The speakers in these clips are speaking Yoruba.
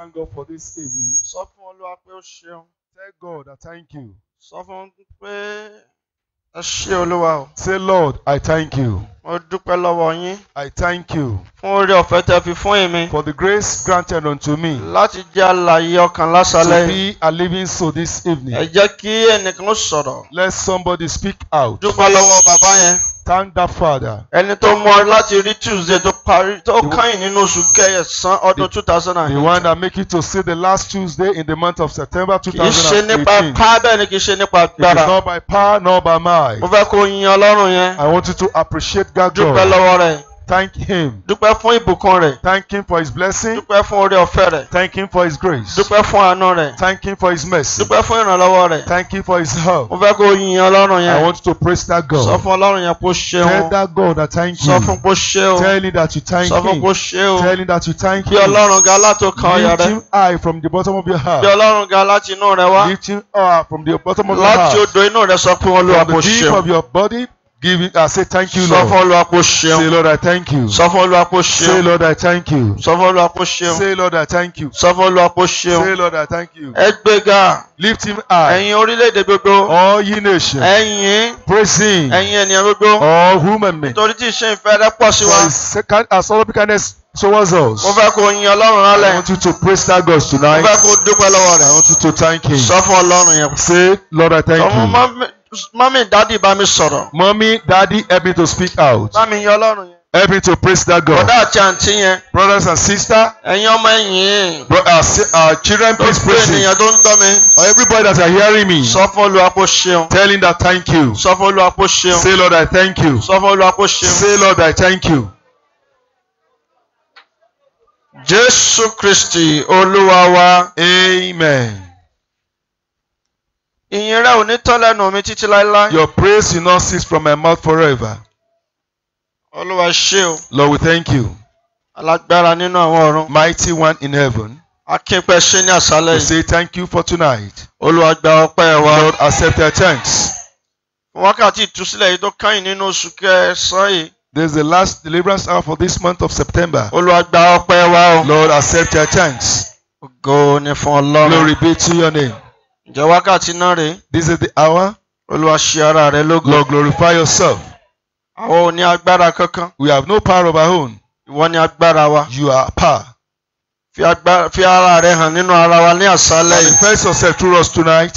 Thank God for this evening. Sọ fún Olúwa pé ó ṣeun. Tell God I thank you. Sọ fún pé ẹ ṣé Olúwa o. Say Lord, I thank you. Mo dúpẹ́ lọ́wọ́ yín. I thank you. Fún oore ọ̀fẹ́ tẹ́ fi fún èmi. For the grace granted unto me. Láti jẹ́ àlàyé ọkàn lásàlẹ̀. To be a living soul this evening. Ẹ jẹ́ kí ẹnìkan sọ̀rọ̀. Let somebody speak out. Dúpẹ́ lọ́wọ́ bàbá yẹn. Thank that Father. Ẹni tó mú ọ láti rí Tuesday tó parí tó kẹ́yìn nínú oṣù kẹsàn-án ọdún two thousand and eighteen. The one that make it to see the last Tuesday in the month of September two thousand and eighteen. Kì í ṣe nípa pa bẹ́ẹ̀ ni kì í ṣe nípa agbára. It is not by power nor by might. Mo fẹ́ kó yin Ọlọ́run yẹn. I want you to appreciate God. Dúpẹ́ lọ́wọ́ rẹ̀ thank him. dúpẹ́ fún ìbùkún rẹ̀. thank him for his blessing. dúpẹ́ fún oore ọ̀fẹ́ rẹ̀. thank him for his grace. dúpẹ́ fún àánú rẹ̀. thank him for his mercy. dúpẹ́ fún ìrànlọ́wọ́ rẹ̀. thank him for his help. mo fẹ́ kó o yin ọlọ́run yẹn. I want you to praise that God. sọ fún ọlọ́run yẹn kó ṣeun. tell that God that thank you. sọ fún kó ṣeun. tell him that you thank him. sọ fún kó ṣeun. tell him that you thank him. bí ọlọ́run ga látòkan ọyọ rẹ. lift him high from the bottom of your heart. bí ọlọ́run ga láti inú rẹ wá. lift him high from the bottom of your heart. láti odò inú rẹ sọ pé olúwa kó ṣeun. from the deep of your body Give I uh, say thank you Lord. Sọ fún Olúwa kó ṣeun. Say Lord I thank you. Sọ fún Olúwa kó ṣeun. Say Lord I thank you. Say Lord I thank you. Say Lord I thank you. Ẹ Lift him high. Ẹ̀yin orílẹ̀-èdè gbogbo. All ye nations. Ẹ̀yin. Praise him. ènìyàn gbogbo. All human men. Nítorí tí ìṣe ìfẹ́ rẹ̀ pọ̀ sí wa. For his asọ́lọ́bí kindness towards us. mo fẹ́ kó yin ọlọ́run lálẹ́. I want you to praise that God tonight. mo fẹ́ kó dúpẹ́ lọ́wọ́ rẹ̀. I want you to thank him. sọ fún ọlọ́run yẹn. say Lord I thank you. ọmọ máa ń mọ́mí dádì bá mi sọ̀rọ̀. mọ́mí dádì help me to speak out. bá yan ọlọ́run yẹn. help me to praise that God. bọ́dá àti àǹtí yẹn. brothers and sisters. ẹ̀yin ọmọ ẹ̀yìn. our uh, uh, children please praise him. ènìyàn tó ń dán mi. or everybody that are hearing me. sọ fún olùwàpò ṣeun. tell him that thank you. sọ fún olùwàpò ṣeun. say Lord I thank you. sọ fún olùwàpò ṣeun. say Lord I thank you. Jésù Kristi Oluwawa, Amen. Ìyìn rẹ ò ní tán lẹ́nu mi títí láéláé. Your praise will not cease from my mouth forever. Olúwa ṣé o. Lord, we thank you. Alágbára nínú àwọn ọ̀run. Mighty one in heaven. Akínpẹ́ ní àṣálẹ̀ yìí. We say thank you for tonight. Olúwa gba ọpẹ́ wa. Lord, accept our thanks. Wákàtí ìtúsílẹ̀ yìí tó kẹ́yìn nínú oṣù kẹsàn-án yìí. This is the last deliverance hour for this month of September. Olúwa gba ọpẹ́ wa o. Lord, accept your thanks. Ògo ni fún Ọlọ́run. Glory be to your name. Ǹjẹ́ wákàtí náà rèé? This is the hour. Olúwa ṣe ara rẹ lógo. Lord glorify yourself. Àwọn ò ní agbára kankan. We have no power of our own. Ìwọ ni agbára wa. You are power. Fi agbára fi ara rẹ hàn nínú ara wa ní àṣálẹ̀ Manifest yourself through us tonight.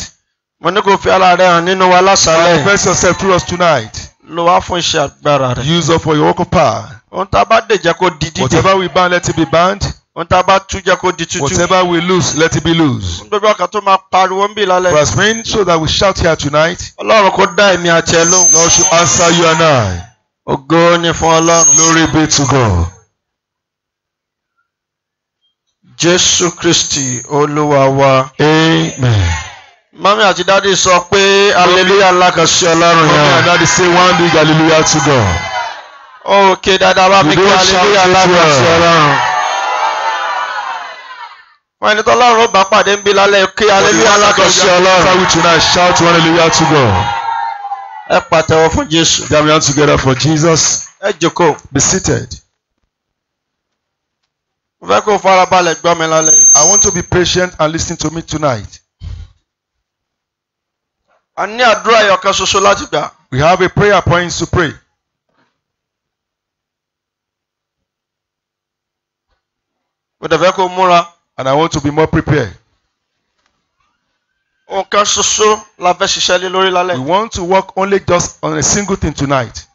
Mo ní kó fi ara rẹ hàn nínú wa lásàálẹ̀ Manifest yourself through us tonight. Lo wá fún iṣẹ́ agbára rẹ. Use up for your work of power. Ohun tá a bá dè jẹ́ kó di dídè. Whatever we ban let it be banned. Ohun tá bá tú jẹ́ kó di tútú. Whatever we lose, let it be lose. Gbogbo ọkàn tó máa pariwo ń bì lálẹ́. Verse so that we shout here tonight. Ọlọ́run kó dá èmi àti ẹ lóhùn. Lord should answer you and I. Ògo ni fún Ọlọ́run. Glory be to God. Jésù Kristì Olúwa wa. Amen. Mami àti dádì sọ pé hallelujah ńlá kan sí Ọlọ́run yẹn. Mami àti dádì say one big hallelujah to God. Okay, dada bá mi kí hallelujah ńlá kan wọn ẹni tó lọ́rùn ó bá pàdé ń bí lálẹ́ kí hallelujah alákọ̀ọ́ sí ọlọ́run. shall we tonight shout hallelujah to God. ẹ pàtẹ́wọ́ fún Jésù. gather round together for Jesus. ẹ jókòó. be seated. mo fẹ́ kó farabalẹ̀ gbọ́ mi lálẹ́ I want to be patient and listen to me tonight. a ní àdúrà ẹ̀yọ̀kan ṣoṣo láti gbà. we have a prayer point to pray. mo dẹ̀ fẹ́ kó múra and I want to be more prepared. Nǹkan ṣoṣo la fẹ́ ṣiṣẹ́ lé lórí lálẹ́. We want to work only just on a single thing tonight.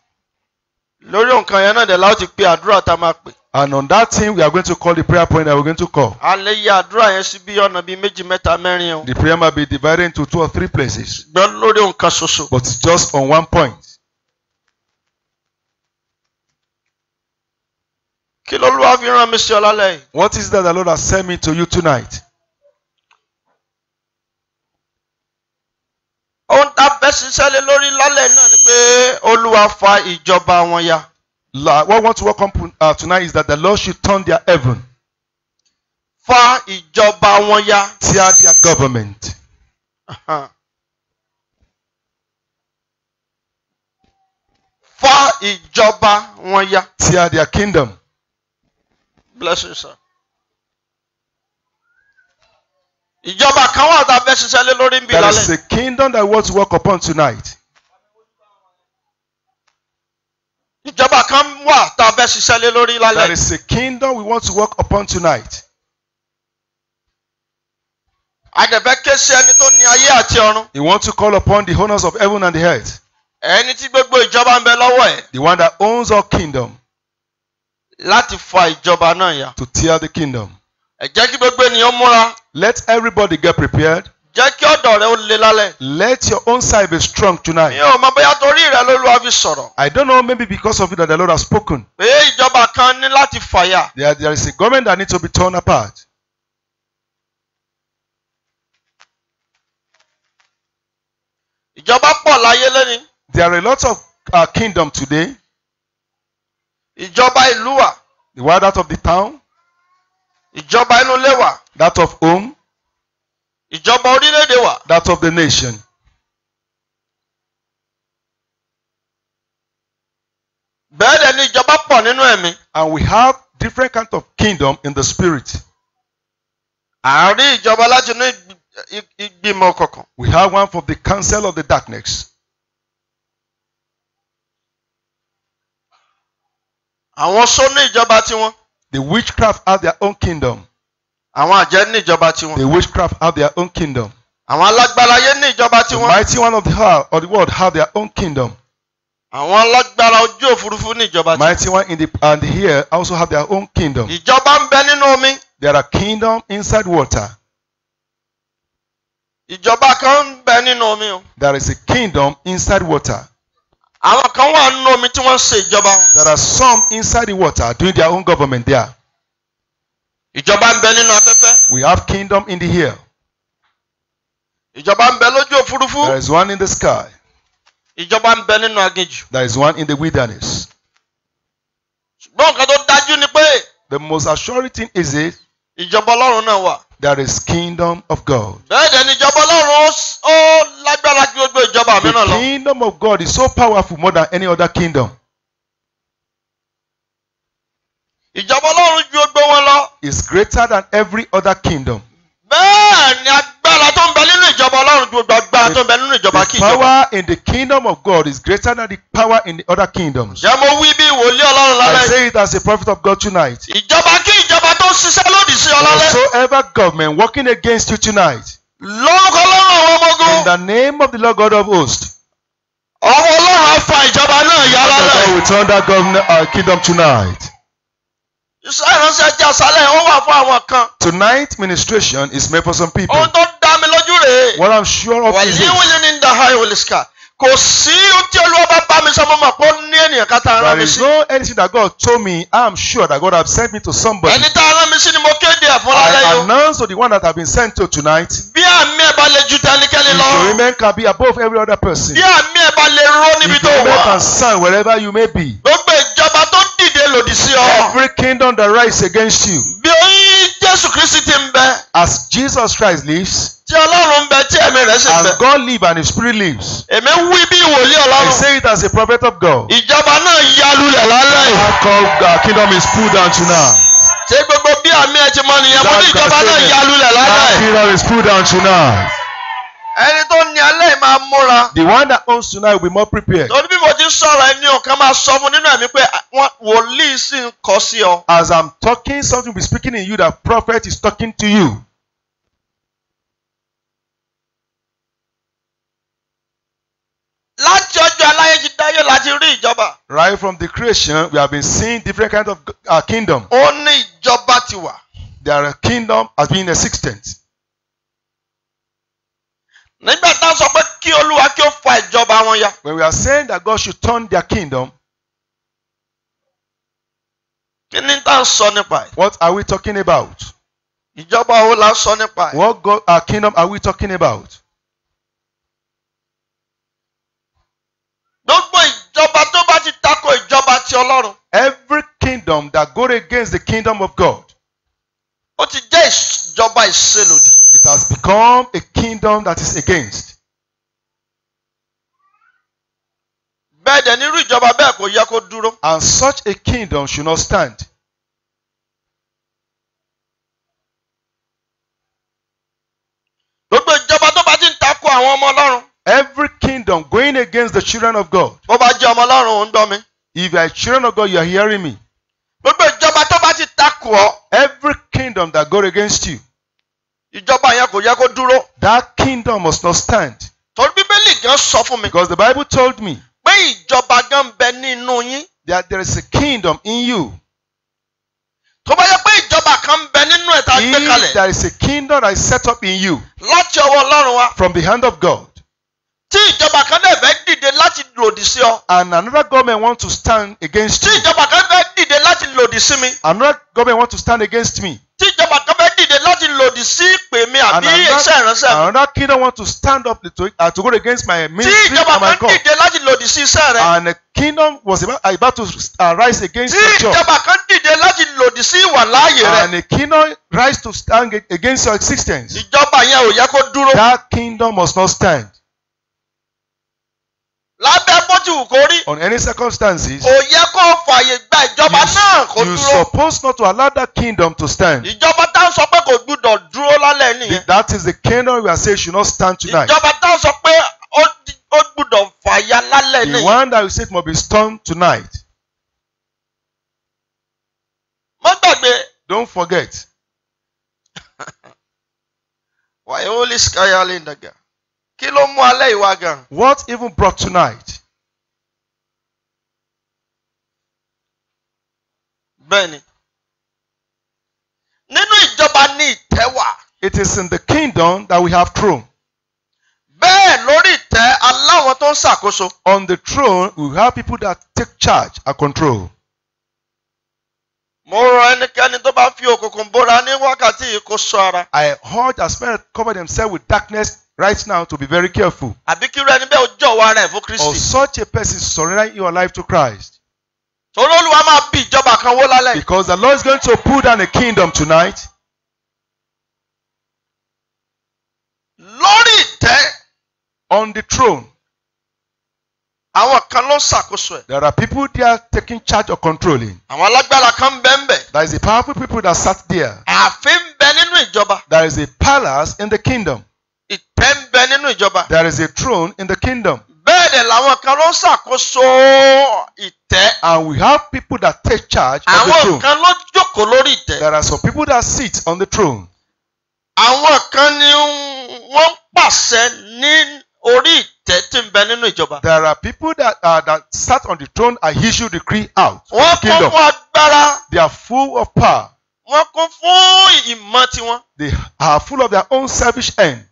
Lórí nǹkan yẹn náà dẹ̀ láti pe àdúrà tá a máa pè. And on that thing we are going to call the prayer point that we are going to call. A lè yí àdúrà yẹn sí bí ọ̀nà bíi méjì mẹ́ta mẹ́rin o. The prayer might be divided into two or three places. Gbọ́ lórí nǹkan ṣoṣo. But just on one point. Kí lolúwa fi rán mi sí ọ lálẹ́ yìí? What is that the Lord has sent me to you tonight? Ohun tá a fẹ́ ṣiṣẹ́ lé lórí lálẹ́ náà ni pé Olúwa fa ìjọba wọn ya. What I want to welcome uh, tonight is that the Lord should turn their heaven. Fa ìjọba wọn ya. Tear their government. Uh-huh. Fa ìjọba wọn ya. Tear their kingdom. Bless you, sir. Ìjọba kan wà tá a fẹ́ ṣiṣẹ́ lé lórí nbí lálẹ́. There is a kingdom that we want to work upon tonight. Ìjọba kan wà tá a fẹ́ ṣiṣẹ́ lé lórí lálẹ́. There is a kingdom we want to work upon tonight. Àdẹ̀fẹ́ ké sí ẹni tó ní ayé àti ọ̀run. He want to call upon the owners of heaven and the earth. Ẹni tí gbogbo ìjọba ń bẹ lọ́wọ́ ẹ̀. The one that owns all kingdom. Láti fa ìjọba náà yà. To tear the kingdom. Ẹ jẹ́ kí gbogbo ènìyàn múra. Let everybody get prepared. Jẹ́ kí ọ̀dọ̀ rẹ ó le lálẹ́. Let your own side be strong tonight. Mi ò mọ bóyá torí rẹ lÓlúwa fi sọ̀rọ̀. I don't know maybe because of it that the Lord has spoken. Pé ìjọba kan ní láti fàyà. There, there is a government that needs to be torn apart. Ìjọba pọ̀ láyé lónìí. There are a lot of uh, kingdom today ìjọba ìlú wa. the word that of the town. ìjọba inú ilé wa. that of home. ìjọba orílẹ̀-èdè wa. that of the nation. bẹ́ẹ̀ dẹ̀ ni ìjọba pọ̀ nínú ẹ̀mí. and we have different kinds of kingdom in the spirit. à ń rí ìjọba láti inú ìgbìmọ̀ kọ̀ọ̀kan. we have one from the council of the darkness. àwọn sọ ní ìjọba tiwọn. the witchcraft have their own kingdom. àwọn àjẹ́ ní ìjọba tiwọn. the witchcraft have their own kingdom. àwọn alágbálayé ní ìjọba tiwọn. the mighty one of the earth or the world have their own kingdom. Àwọn alágbára ojú òfurufú ní ìjọba tí. Mighty one in the and here also have their own kingdom. Ìjọba ń bẹ nínú omi. There are kingdom inside water. Ìjọba kan ń bẹ nínú omi o. There is a kingdom inside water àwọn kan wà nínú omi tí wọ́n ń ṣe ìjọba. there are some inside the water doing their own government there. ìjọba ń bẹ nínú afẹ́fẹ́. we have kingdom in the air. ìjọba ń bẹ lójú òfurufú. there is one in the sky. ìjọba ń bẹ nínú aginjù. there is one in the wilderness. ṣùgbọ́n nǹkan tó dájú ni pé. the most assuring thing is it. ìjọba ọlọ́run náà wà there is kingdom of God. bẹ́ẹ̀ ni ìjọba ọlọ́run ó lágbára ju gbogbo ìjọba mìíràn lọ. the kingdom of God is so powerful more than any other kingdom. ìjọba ọlọ́run ju gbogbo wọn lọ. is greater than every other kingdom. bẹ́ẹ̀ ni agbára tó ń bẹ nínú ìjọba ọlọ́run ju gbogbo agbára tó ń bẹ nínú ìjọba kí ìjọba. the power in the kingdom of God is greater than the power in the other kingdoms. ṣé mo wí bí wòlíì ọlọ́run lálẹ́. I say it as a prophet of God tonight. ìjọba kí ìjọba tó ṣiṣẹ́ lòdì sí ọ lálẹ́. whatsoever government working against you tonight. lórúkọ lọ́rùn ọmọ ogun. in the name of the Lord God of hosts. ọmọ ọlọ́run á fa ìjọba náà yá lálẹ́. the Lord will turn that government our uh, kingdom tonight. iṣẹ́ ìránṣẹ́ jẹ́ àṣálẹ̀ ó wà fún àwọn kan. tonight ministration is made for some people. ohun tó dá mi lójú rèé. what I'm sure of is this. wàlíwìlì ní dàhà ìwòlìṣkà kò sí ohun tí bá bá mi sọ mo mọ̀ ní ènìyàn ká tá mi sí. there is no anything that God told me I am sure that God have sent me to somebody. ẹni tá a mi sí ni mo kéde àfọlọ́lẹ́ yìí. I announce to the one that I have been sent to tonight. bí àmì ẹ̀ bá lè ju tẹnikẹ́ni lọ. if your remain can be above every other person. bí àmì ẹ̀ bá lè ró níbi tó wà. if your remain can stand wherever you may be. gbogbo ìjọba tó dìde lòdì sí ọ. every kingdom that rise against you. bí oyin Jésù Kristi ti ń bẹ. As Jesus Christ lives. Tí Ọlọ́run bẹ tí ẹ̀mí rẹ̀ ṣe bẹ. As God lives and his spirit lives. Èmi ń wí bí ìwòlí Ọlọ́run. I say it as a prophet of God. Ìjọba náà ya lulẹ̀ lálẹ́ yìí. That call kingdom is pulled down to now. Ṣé gbogbo bí àmì ẹ̀ ti mọ nìyẹn? Mo ní ìjọba náà ya lulẹ̀ lálẹ́ That kingdom is pulled down to now ẹni tó ní alẹ́ yìí máa múra. the one that owns tonight will be more prepared. torí bí mo ti sọ̀rọ̀ ẹni ọ̀kan máa sọ fún nínú ẹ̀mí pé ah, wòlíì sì ń kọ sí ọ. as i'm talking something will be speaking in you that prophet is talking to you. láti ọjọ́ aláyé ti dáyé láti rí ìjọba. right from the creation we have been seeing different kinds of uh, kingdom. ó ní ìjọba ti wà. their kingdom has been in existence. Nígbà tá a sọ pé kí Olúwa kí ó fa ìjọba wọn ya. When we are saying that God should turn their kingdom. Kí ni tá a sọ nípa ẹ̀? What are we talking about? Ìjọba wo la sọ nípa ẹ̀? What God, our kingdom are we talking about? Gbogbo ìjọba tó bá ti tako ìjọba ti Ọlọ́run. Every kingdom that go against the kingdom of God. Ó ti jẹ́ ìjọba ìṣelòdì has become a kingdom that is against. bẹ́ẹ̀ dẹ̀ nírú ìjọba bẹ́ẹ̀ kò yẹ kó dúró. and such a kingdom should not stand. gbogbo ìjọba tó bá ti ń takò àwọn ọmọ Ọlọ́run. every kingdom going against the children of God. bó bá jẹ́ ọmọ Ọlọ́run ò ń dán mi. if you are a children of God you are hearing me. gbogbo ìjọba tó bá ti takò ọ. every kingdom that go against you ìjọba yẹn kò yẹ kó dúró. that kingdom must not stand. torí bíbélì gan sọ fún mi. because the bible told me. pé ìjọba gan bẹ nínú yín. that there is a kingdom in you. tó bá yẹ pé ìjọba kan bẹ nínú ẹ̀ tá a gbé kalẹ̀. there is a kingdom that is set up in you. láti ọwọ́ ọlọ́run wa. from the hand of God. tí ìjọba kan dẹ̀ fẹ́ dìde láti lòdì sí ọ. and another government want to stand against you. tí ìjọba kan fẹ́ dìde láti lòdì sí mi. another government want to stand against me. tí ìjọba kan dìde láti lòdì sí ìpè mi àbí iṣẹ́ ìránṣẹ́ mi. another kingdom want to stand up to, uh, to go against my ministry and my God. tí ìjọba kan dìde láti lòdì sí iṣẹ́ rẹ. and the kingdom was about, uh, about to uh, rise against the church. tí ìjọba kan dìde láti lòdì sí ìwà rẹ. and the kingdom rise to stand against your existence. ìjọba yẹn ò yẹ kó dúró. that kingdom must not stand lábẹ́ bójú kò rí. on any circumstances. ó yẹ kó fàyè gba ìjọba náà kó dúró. you suppose not to allow that kingdom to stand. ìjọba táwọn sọ pé kò gbúdọ̀ dúró lálẹ́ nìyẹn. that is the kingdom we are saying should not stand tonight. ìjọba táwọn sọ pé ó gbúdọ̀ fàyà lálẹ́ nìyẹn. the one that we say must be stoned tonight. mo gbàgbé. don't forget. Why ó lè ṣe káyà Kí ló mú alẹ́ ìwà gan? What even brought tonight? Bẹ́ẹ̀ni. Nínú ìjọba ní ìtẹ́ It is in the kingdom that we have throne. Bẹ́ẹ̀ lórí ìtẹ́ aláwọn tó ń ṣàkóso. On the throne we have people that take charge and control. Mo rọ ẹnikẹ́ni tó bá fi òkùnkùn bóra ní wákàtí yìí kó ṣọ́ ara. I heard as men cover themselves with darkness right now to be very careful. àbí kí irú ẹni bẹ́ẹ̀ ó jọ̀wọ́ fún Kristi. or such a person surrender your life to Christ. torí Olúwa máa bì ìjọba kan wó lálẹ́. because the Lord is going to pull down a kingdom tonight. lórí ìtẹ́. on the throne. Àwọn kan ló ń ṣàkóso ẹ̀. There are people there taking charge of controlling. Àwọn alágbára kan bẹ ń bẹ. There is a powerful people that sat there. Ààfin bẹ nínú ìjọba. There is a palace in the kingdom. Ìtẹ́ nínú ìjọba. There is a throne in the kingdom. Bẹ́ẹ̀ làwọn kan ló ń ṣàkóso ìtẹ́. And we have people that take charge of the throne. Àwọn kan ló jókòó lórí ìtẹ́. There are some people that sit on the throne. Àwọn kan ni wọ́n pàṣẹ ní orí ìtẹ́ tí ń bẹ nínú ìjọba. There are people that uh, that sat on the throne and issue decree out. Wọ́n kún fún agbára. They are full of power. Wọ́n kún fún ìmọ̀ tiwọn. They are full of their own selfish end.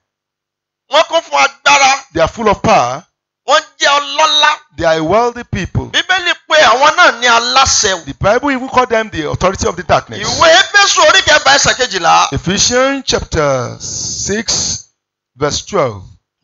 Wọ́n kún fún agbára. They are full of power. Wọ́n jẹ́ ọlọ́lá. They are a wealthy people. Bíbélì pé àwọn náà ní aláṣẹ. The Bible even call them the authority of the darkness. Ìwé Éfésù orí kẹfà ẹsẹ̀ kejìlá. Ephesians chapter six verse twelve.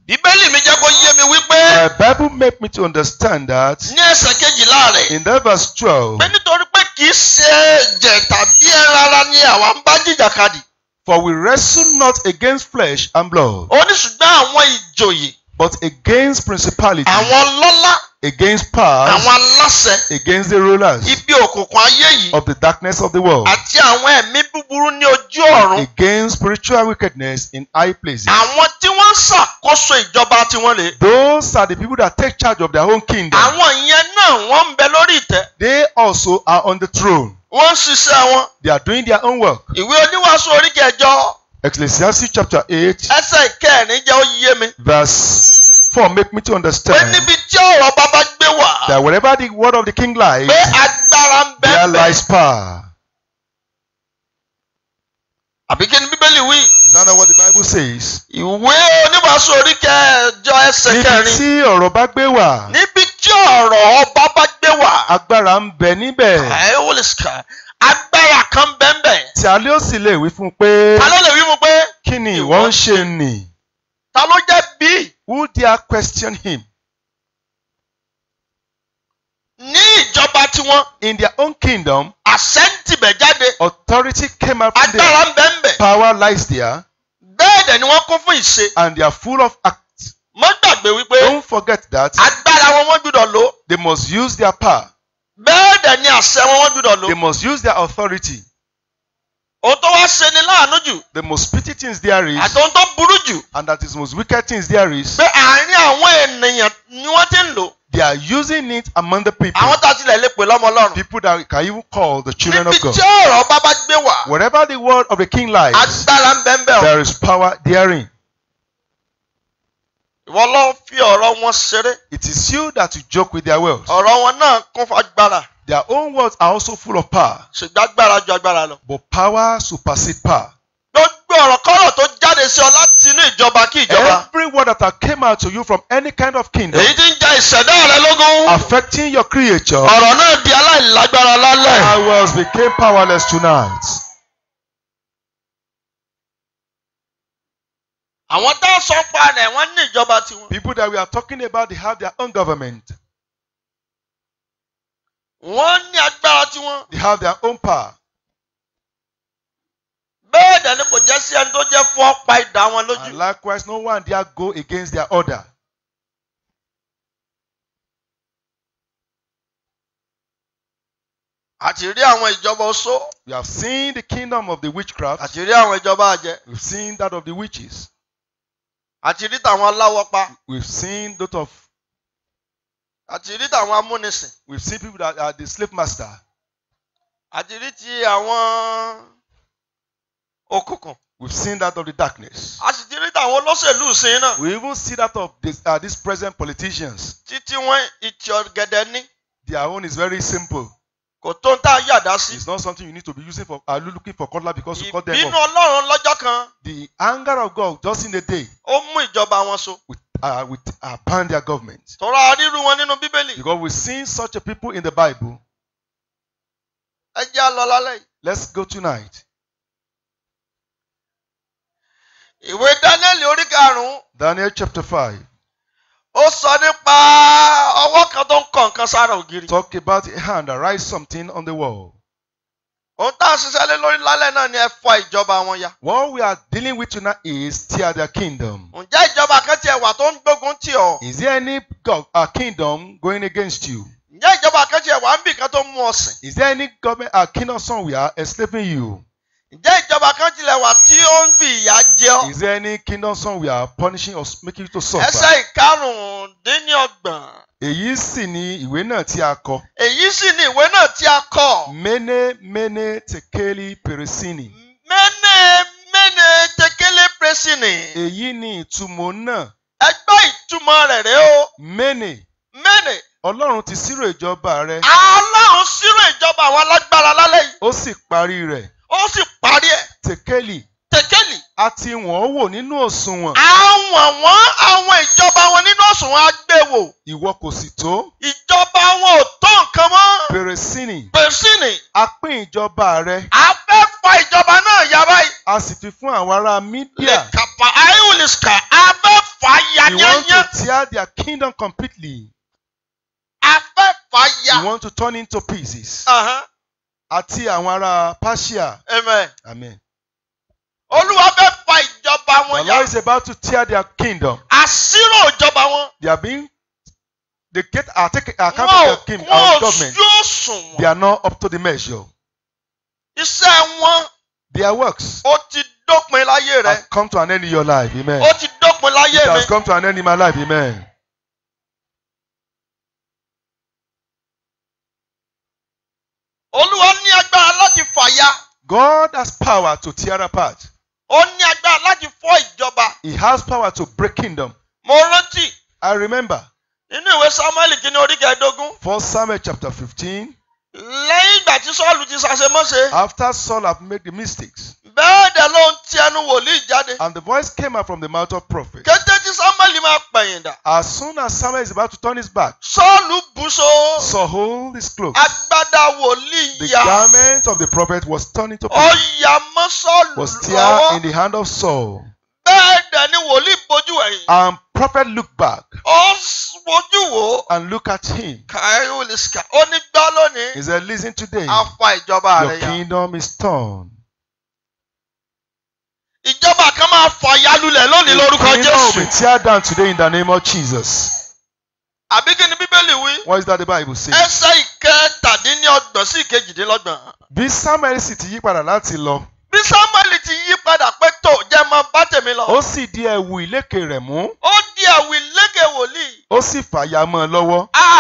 Bíbélì mi jẹ́ kó yé mi wípé. My Bible make me to understand that. Ní ẹsẹ̀ kejìlá rẹ̀. In that verse twelve. Pé nítorí pé kì í ṣe ẹ̀jẹ̀ tàbí ẹran ara ni àwa ń bá jìjàkadì. For we wrestle not against flesh and blood. Ó àwọn ìjòyè. But against principality. Àwọn ọlọ́lá. Against powers. Àwọn aláṣẹ. Against the rulers. Ibi òkùnkùn ayé yìí. Of the darkness of the world. Àti àwọn ẹ̀mí búburú ní ojú ọ̀run. Against spiritual wickedness in high places. Àwọn tí wọ́n ṣàkóso ìjọba tiwọn lè. Those are the people that take charge of their own kingdom. Àwọn ìyẹn náà wọ́n ń bẹ lórí ìtẹ́. They also are on the throne wọ́n ń ṣiṣẹ́ wọn. they are doing their own work. ìwé oníwàásù orí kẹjọ. Ecclesiastes chapter eight. ẹsẹ̀ kẹrin jẹ́ ó yé mi. verse four make me to understand. pé níbi tí ọ̀rọ̀ bàbá gbé wá. that wherever the word of the king lies. pé agbára ń bẹ́ẹ̀ bẹ́ẹ̀. there lies power. àbí kí ni bíbélì wí. is that not what the bible says. ìwé oníwàásù orí kẹjọ ẹsẹ̀ kẹrin. níbi tí ọ̀rọ̀ bá gbé wá. níbi ọ̀rọ̀ ọba bá gbé wá. agbára ń bẹ níbẹ̀. ẹ wọ́n lè sùkà agbára kan bẹ́ẹ̀ tí a lè ó sì lè wí fún pé. ta ló lè wí fún pé. kí ni ìwọ ń ṣe nì. ta ló jẹ́ bí. who dare question him. ní ìjọba tiwọn. in their own kingdom. àṣẹ jáde. authority came out from there. agbára ń bẹ́ẹ̀ power lies there. bẹ́ẹ̀ ni wọ́n kún fún ìṣe. and they are full of Má gbàgbé wípé. Don't forget that. Agbára wọn wọ́n gbúdọ̀ lò. They must use their power. Bẹ́ẹ̀ dẹ̀ ni àṣẹ wọn wọ́n gbúdọ̀ lò. They must use their authority. Ohun wá ṣe ni láàánú jù. The most pity things there is. Àti tó burú jù. And that is most wicked things there is. Pé àárín àwọn ènìyàn ni wọ́n ti ń lò. They are using it among the people. Àwọn tá tilẹ̀ lè pè lọ́mọ Ọlọ́run. People that can even call the children of God. Níbi tí ọ̀rọ̀ bá bá gbé wá. Wherever the word of the king lies. Agbára ń bẹ́ẹ̀ bẹ́ẹ̀ There is power therein. Ìwọ ló fi ọ̀rọ̀ wọn ṣeré. It is you that you joke with their words. Ọ̀rọ̀ wọn náà kún fún Their own words are also full of power. Ṣùgbọ́n ju agbára lọ. But power supersede power. Gbogbo ọ̀rọ̀ kọ́rọ̀ tó jáde sí ọ láti inú ìjọba kí ìjọba. Every word that came out to you from any kind of kingdom. Èyí tí ń ja ìṣẹ̀dá rẹ lógún. Affecting your creator. Ọ̀rọ̀ náà di aláìlágbára lálẹ́. Powers became powerless tonight. àwọn tá sọ pa rẹ̀ wọ́n ní ìjọba tiwọn. people that we are talking about they have their own government. wọ́n ní agbára tiwọn. they have their own power. bẹ́ẹ̀ dẹ̀ kò jẹ́ sí ẹni tó jẹ́ fún ọ̀pá idà wọn lójú. and likewise no one dare go against their order. àti rí àwọn ìjọba oṣó. we have seen the kingdom of the witchcraft. àti rí àwọn ìjọba àjẹ́. we have seen that of the witches àti rí tàwọn aláwọ̀ pa. we've seen those of. àti rí tàwọn amúnisìn. we've seen people that are the slave master. àti rí ti àwọn òkùnkùn. we've seen that of the darkness. a sì ti rí tàwọn olóṣèlú sin náà. we even see that of this, uh, these present politicians. títí wọn ìtì ọ̀gẹ̀dẹ̀ ní. their own is very simple kò tó ń tá a sí. it's not something you need to be using for are you looking for cutlass because you call them off. ìbínú ọlọ́run lọ́jọ́ kan. the anger of God just in a day. ó mú ìjọba wọn so. with uh, with uh, their government. tọ́ra ríru wọn nínú bíbélì. because we see such a people in the bible. ẹ jẹ́ àlọ́ lálẹ́ let's go tonight. ìwé daniel orí karùn-ún. daniel chapter five ó sọ nípa ọwọ́ kan tó ń kọ nǹkan sára ògiri. talk about a hand that writes something on the wall. Ohun tá a ṣiṣẹ́ lé lórí lálẹ́ náà ni ẹ ìjọba wọn ya. What we are dealing with tonight is tear their kingdom. Ǹjẹ́ ìjọba kan tiẹ̀ wà tó ń gbógun tì ọ́? Is there any God, uh, kingdom going against you? Ǹjẹ́ ìjọba kan tiẹ̀ wà ń bì kan tó ń mú ọ sìn? Is there any government or uh, kingdom somewhere enslaving you? Ǹjẹ́ ìjọba kan tilẹ̀ wà tí ó ń fi ìyà jẹ ọ́? Is there any kingdom song we are punishing or making you to suffer? Ẹsẹ̀ ìkarùn-ún-dín-ní-ọgbọ̀n. Èyí sì ni ìwé náà tí a kọ. Èyí sì ni ìwé náà tí a kọ. Mene mene tekele peresini. Mene mene tekele peresini. Èyí ni ìtumọ̀ náà. Ẹ gbọ́ ìtumọ̀ rẹ̀ rẹ̀ o. Mene. Mene. Ọlọ́run ti ṣírò ìjọba rẹ̀. Ọlọ́run ṣírò ìjọba àwọn alágbára lálẹ́ yìí. Ó sì parí rẹ̀ ó sì parí ẹ̀. tèkélì. tèkélì. a ti wọ̀n wò nínú òṣùwọ̀n. a wọ̀n wọ́n àwọn ìjọba wọn nínú òṣùwọ̀n agbèwò. ìwọ kò sì tó. ìjọba wọn ò tó nǹkan mọ́. pèrèsìnì. pèrèsìnì. a pín ìjọba rẹ. a fẹ́ fa ìjọba náà yá báyìí. a sì fi fún àwọn ará mídíà. lè kàpà ayélujára a fẹ́ fà yá yányá. you want to tear their kingdom completely. a fẹ́ fà yá. you want to turn into pieces. Uh -huh àti àwọn ará Persia. amen. olúwa fẹ́ fa ìjọba wọn yá. Allah is about to tear their kingdom. àṣírò ìjọba wọn. they are being they get are taking account of their kingdom and government. wọn yóò sùn wọn. they are not up to the measure. iṣẹ́ wọn. their works. ó ti dópin láyé rẹ. has come to an end in your life amen. ó ti dópin láyé mi. it has come to an end in my life amen. Olúwa ní agbára láti fàya. God has power to tear apart. Ó ní agbára láti fọ́ ìjọba. He has power to break kingdom. Mo rántí. I remember. Nínú ìwé Samuel kìíní orí kẹẹ̀dógún. First Samuel chapter fifteen lẹ́yìn ìgbà tí sọ́ọ̀lù ti ṣàṣemọ́ṣe. after Saul had made the mistakes. bẹ́ẹ̀ dẹ̀ ló ń ti ẹnu wòlíì jáde. and the voice came out from the mouth of prophet. kété tí samuel máa pẹ̀yìn dà. as soon as Samuel is about to turn his back. sọ́ọ̀lù bùṣọ. so hold his cloak. agbádá wòlíì ya. the garment of the prophet was turning to blood. ọ̀yà mọ́ sọ́ọ̀lù lọ́wọ́. was tear in the hand of Saul. bẹ́ẹ̀ dẹ̀ ni wòlíì bojú ẹ̀yìn. and prophet looked back. ó sọ fojú wò. and look at him. kàyéwòlìsíkà ó ní gbọ́ lónìí. he said listen today. a fa ìjọba rẹ yà. your kingdom is torn. ìjọba kan máa fà yálulẹ̀ lónìí lórúkọ Jésù. the kingdom will tear down today in the name of Jesus. Àbí kí ni Bíbélì wí? What is that the Bible say? Ẹsẹ̀ ìkẹtàdínlọ́gbọ̀n sí ìkejìdínlọ́gbọ̀n. Bí Sámúẹ́lì sì ti yí padà láti lọ. Bí Sámúẹ́lì ti yí padà pé tó jẹ́ máa bá tèmi lọ. Ó sì di ẹ̀wù ìlékè rẹ̀ mú. Ó di ẹ̀wù ìlékè ṣe wòlíì. ó sì fàyà mọ́ ọ lọ́wọ́. a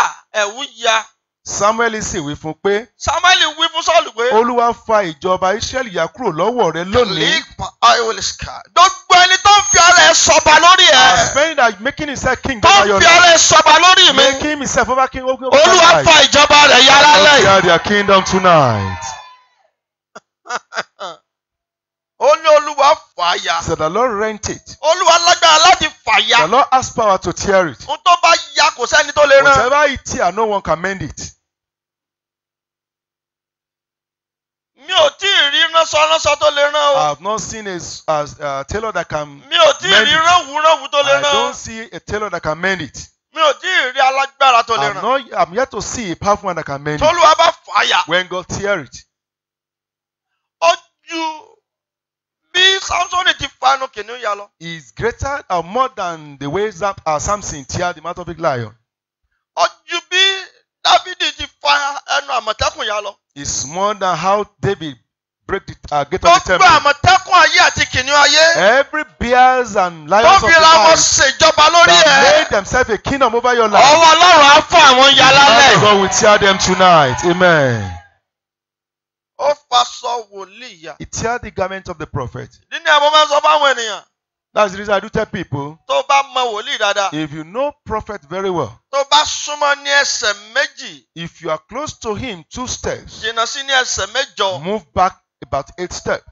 ẹ̀wù ya. Samuel sì wí fún pé. Samuel wí fún Sọ́ọ̀lù pé. Olúwa fa ìjọba Israẹli yà kúrò lọ́wọ́ rẹ lónìí. gbogbo ẹni tó ń fi ara ẹ sọba lórí ẹ. as many making himself king over your life. tó ń fi ara ẹ sọba lórí mi. making himself over king over your life. Olúwa fa ìjọba rẹ̀ yà lálẹ́ yìí. they their kingdom tonight. ó ní olúwa fà he said the lord rent it. olúwa lágbára láti fà á ya. the lord has power to tear it. ohun tó bá ya kò sẹ́ni tó lè rán. whatever he tear no one can mend it. mi ò tí ì rí ránṣọránṣọ tó lè rán o. I have not seen a, a, a tailor that can mend it. mi ò tí ì rí ránwúránwú tó lè rán. I don't see a tailor that can mend it. mi ò tí ì rí alágbára tó lè rán. I am yet to see a powerful man that can mend it. tolúwa bá fà when God tear it. ojú. Samson ti fanu kìnìún ya lọ. is greater and more than the ways that are Samson tear the mouth of a lion. Ó ju bí Dávidi ti fa ẹnu àmọ̀tẹ́kùn ya lọ. is more than how David break the uh, gate of the temple. Gbogbo àmọ̀tẹ́kùn ayé àti kìnìún ayé. Every bears and lions of the land. Tó fi ra wọn ṣèjọba lórí ẹ̀. That made themselves a kingdom over your life. Ọwọ́ Ọlọ́run á fún àwọn yàrá lẹ̀. God will tear them tonight. Amen ó faṣọ wòlíì yà. he tear the garment of the prophet. nínú ẹ̀ mo máa ń sọ fáwọn ènìyàn. That's the reason I do tell people. Tó bá mọ wòlíì dáadáa. If you know prophet very well. Tó bá súnmọ́ ní ẹsẹ̀ méjì. If you are close to him two steps. Jìnnà sí ní ẹsẹ̀ mẹ́jọ. Move back about eight steps.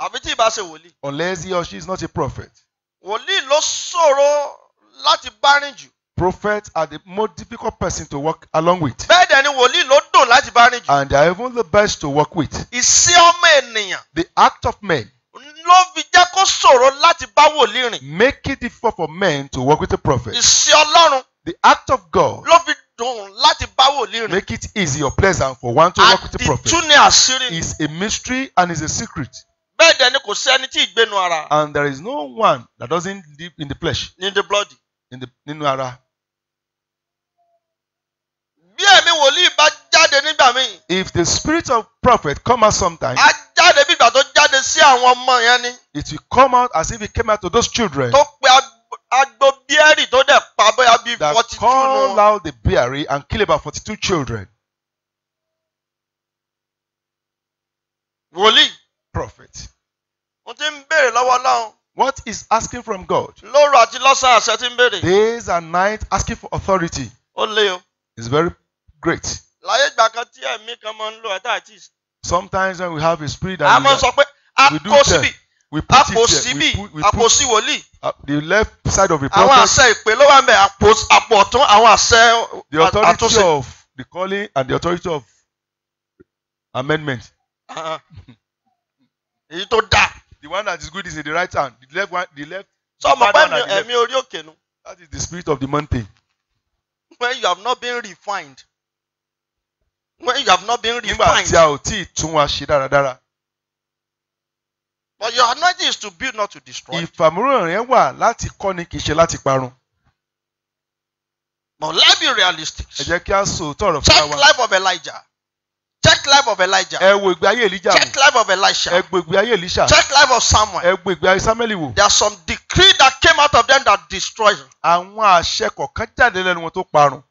Àbí tí ìbá ṣe wòlíì. Unless he or she is not a prophet. Wòlíì ló ṣòro láti bá rìn jù. Prophets are the most difficult person to work along with. Bẹ́ẹ̀ wòlíì ló láti bá rìn jù. and they are even the best to work with. ìṣe ọmọ ènìyàn. the act of men. ló fi jẹ́ kó ṣòro láti bá wòlíì rìn. make it difficult for men to work with the prophet. ìṣe Ọlọ́run. the act of God. ló fi dùn láti bá wòlíì rìn. make it easy or pleasant for one to work with the prophet. àdìtú ni àṣírí. is a mystery and is a secret. bẹ́ẹ̀ dẹ̀ ni kò sí ẹni tí ìgbénu ara. and there is no one that doesn't live in the flesh. in the blood. in the nínú ara. bí ẹ̀mí wòlíì bá jáde nígbà míì. if the spirit of prophet come out sometime. á jáde bí ìgbà tó jáde sí àwọn ọmọ yẹn ni. it will come out as if it came out to those children. tó pe agbo bíẹ́rì tó dẹ̀ pa bóyá bíi forty two. that call out the beari and kill about forty two children. wòlíì. prophet. mo ti ń béèrè lọ́wọ́ Ọlọ́run. What is asking from God? Lóru àti lọ́sàn-án àṣẹ ti ń béèrè. Days and nights asking for authority. Ó lé o. It's very great láyé ìgbà kan tí ẹ̀mí kan máa ń lò ẹ̀dá àti. sometimes when we have a spirit that we, so we do test we put it there we put we put the left side of the prophet. àwọn àṣẹ ìpè ló wà ń bẹ àpò ọ̀tún àwọn àṣẹ àtúnṣe. the authority of the calling and the authority of amendment. èyí tó dáa. the one that is good is in the right hand the left one the left. So, pẹ́ mi ẹ̀mí orí òkè nu. that is the spirit of the mountain. when you have not been refined when you have not been refined. nígbà tí a ò tí ì tún wa ṣe dáradára. but your anointing is to build not to destroy. ìfàmúrò rẹ wà láti kọ́ni kì í ṣe láti parun. but let's be realistic. ẹ jẹ́ kí a sọ òótọ́ ọ̀rọ̀ fún wa. check life of Elijah. Check life of Elijah. Ẹ wo ìgbé ayé Elijah. Check life of Elisha. Ẹ gbé ìgbé ayé Elisha. Check life of Samuel. Ẹ gbé ìgbé ayé Samuel wò. There are some decree that came out of them that destroy. Àwọn àṣẹ kọ̀ọ̀kan jáde lẹ́nu wọn tó parun.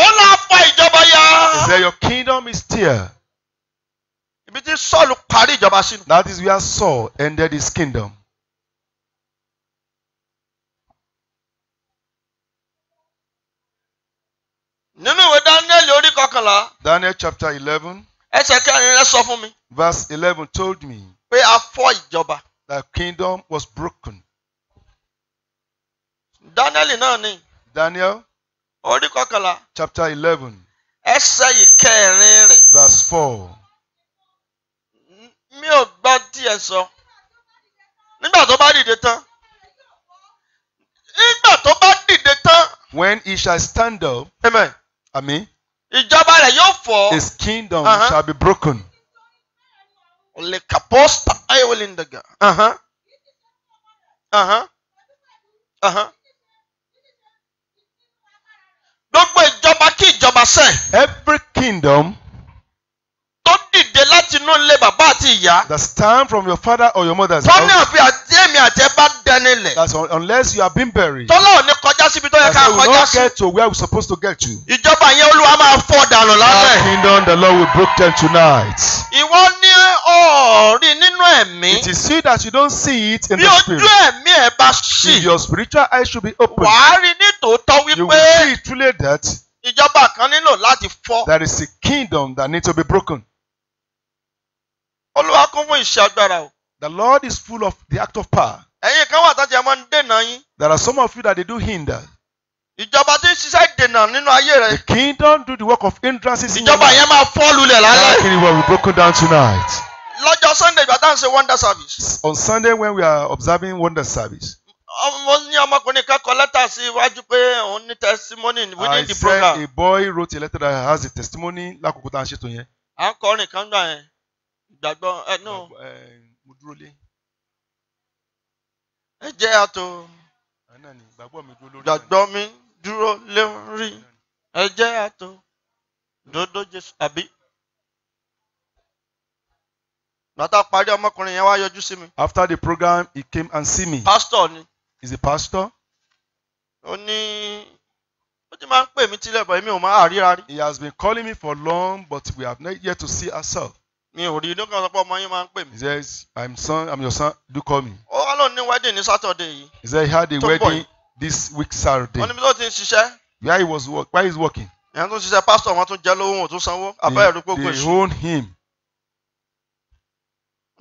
Ó náà ìjọba ya. He your kingdom is here. Ibi tí Sọ́ọ̀lù parí ìjọba sínú. That is where Saul ended his kingdom. Nínú ìwé Daniel orí kọkànlá. Daniel chapter eleven. Ẹsẹ̀ kẹrin rẹ sọ fún mi. Verse eleven told me. Pé a fọ́ ìjọba. The kingdom was broken. Daniel náà ni. Daniel orí kọkànlá. chapter eleven. ẹsẹ̀ ìkẹrin rẹ̀. verse four. mi ò gbọ́ díẹ̀ sọ nígbà tó bá dìde tán nígbà tó bá dìde tán. when he shall stand up. amen. àmín. ìjọba rẹ̀ yóò fọ́. his kingdom uh -huh. shall be broken. le kaposta ayewelindaga. Uh -huh. Uh -huh. Uh -huh gbogbo ìjọba kí ìjọba sẹ́. every kingdom tó dìde láti inú ilé bàbá àti ìyá. that stand from your father or your mother's house. tọ́lá àfi àti èmi àti ẹ bá dẹni lẹ̀. that's un unless you have been buried. tọ́lá ò ní kọjá síbi tó yẹ ká kọjá sí. that's we don't get to where we supposed to get to. ìjọba yẹn olúwa máa fọ́ dànù lálẹ́. our kingdom the Lord will break them tonight. ìwọ ní ọ̀ọ́rì nínú ẹ̀mí. it is you that you don't see it in the spirit. bí ojú ẹ̀mí ẹ bá ṣì. if your spiritual eyes should be open. wàá ní tòótọ́ wípé. you will see truly that. Ìjọba kan nílò láti fọ́. There is a kingdom that needs to be broken olúwa kún fún iṣẹ́ agbára o. the lord is full of the act of power. ẹ̀yin kan wà tájà máa ń dènà yín. there are some of you that they do hinder. ìjọba tí ń ṣiṣẹ́ dènà nínú ayé rẹ. the kingdom do the work of hindrances. ìjọba yẹn máa fọ́ lulẹ̀ lálẹ́. that is what we broken down tonight. lọ́jọ́ sunday ìgbà tá ṣe wonder service. on sunday when we are observing wonder service mo ní ọmọkùnrin kan lẹ́tà sí iwájú pé òun ní testimony within the program. I said a boy wrote a letter that has a testimony lákòókò tá a ṣètò yẹn. à ń kọrin kan gbà yẹn gbàgbọ́ ẹ mo dúró lé. ẹ jẹ́ àtò. gbàgbọ́ mi dúró lórí. gbàgbọ́ ẹ jẹ́ àtò. dodo Jésù àbí. bàtà parí ọmọkùnrin yẹn wá yọjú sí mi. after the program he came and see me. pastor ni. is a pastor. ó ní ó ti máa ń pè mí tílẹ̀ bọ̀ èmi ò máa àríra rí. he has been calling me for long but we have not yet to see ourselves mi ò rí lókàn sọpọ ọmọ yín máa ń pè mí. he says i'm son i'm your son do call me. ó wá lóun ní wedding ní saturday yìí. he said he had a wedding this week saturday. wọ́n níbi tó ti ń ṣiṣẹ́. where he was work where he's working. ìyẹn tó ń ṣiṣẹ́ pastor wọn tún jẹ́ lówó wọn tún sanwó abẹ́rẹ́ rúpọ̀ gbèsè. they own him.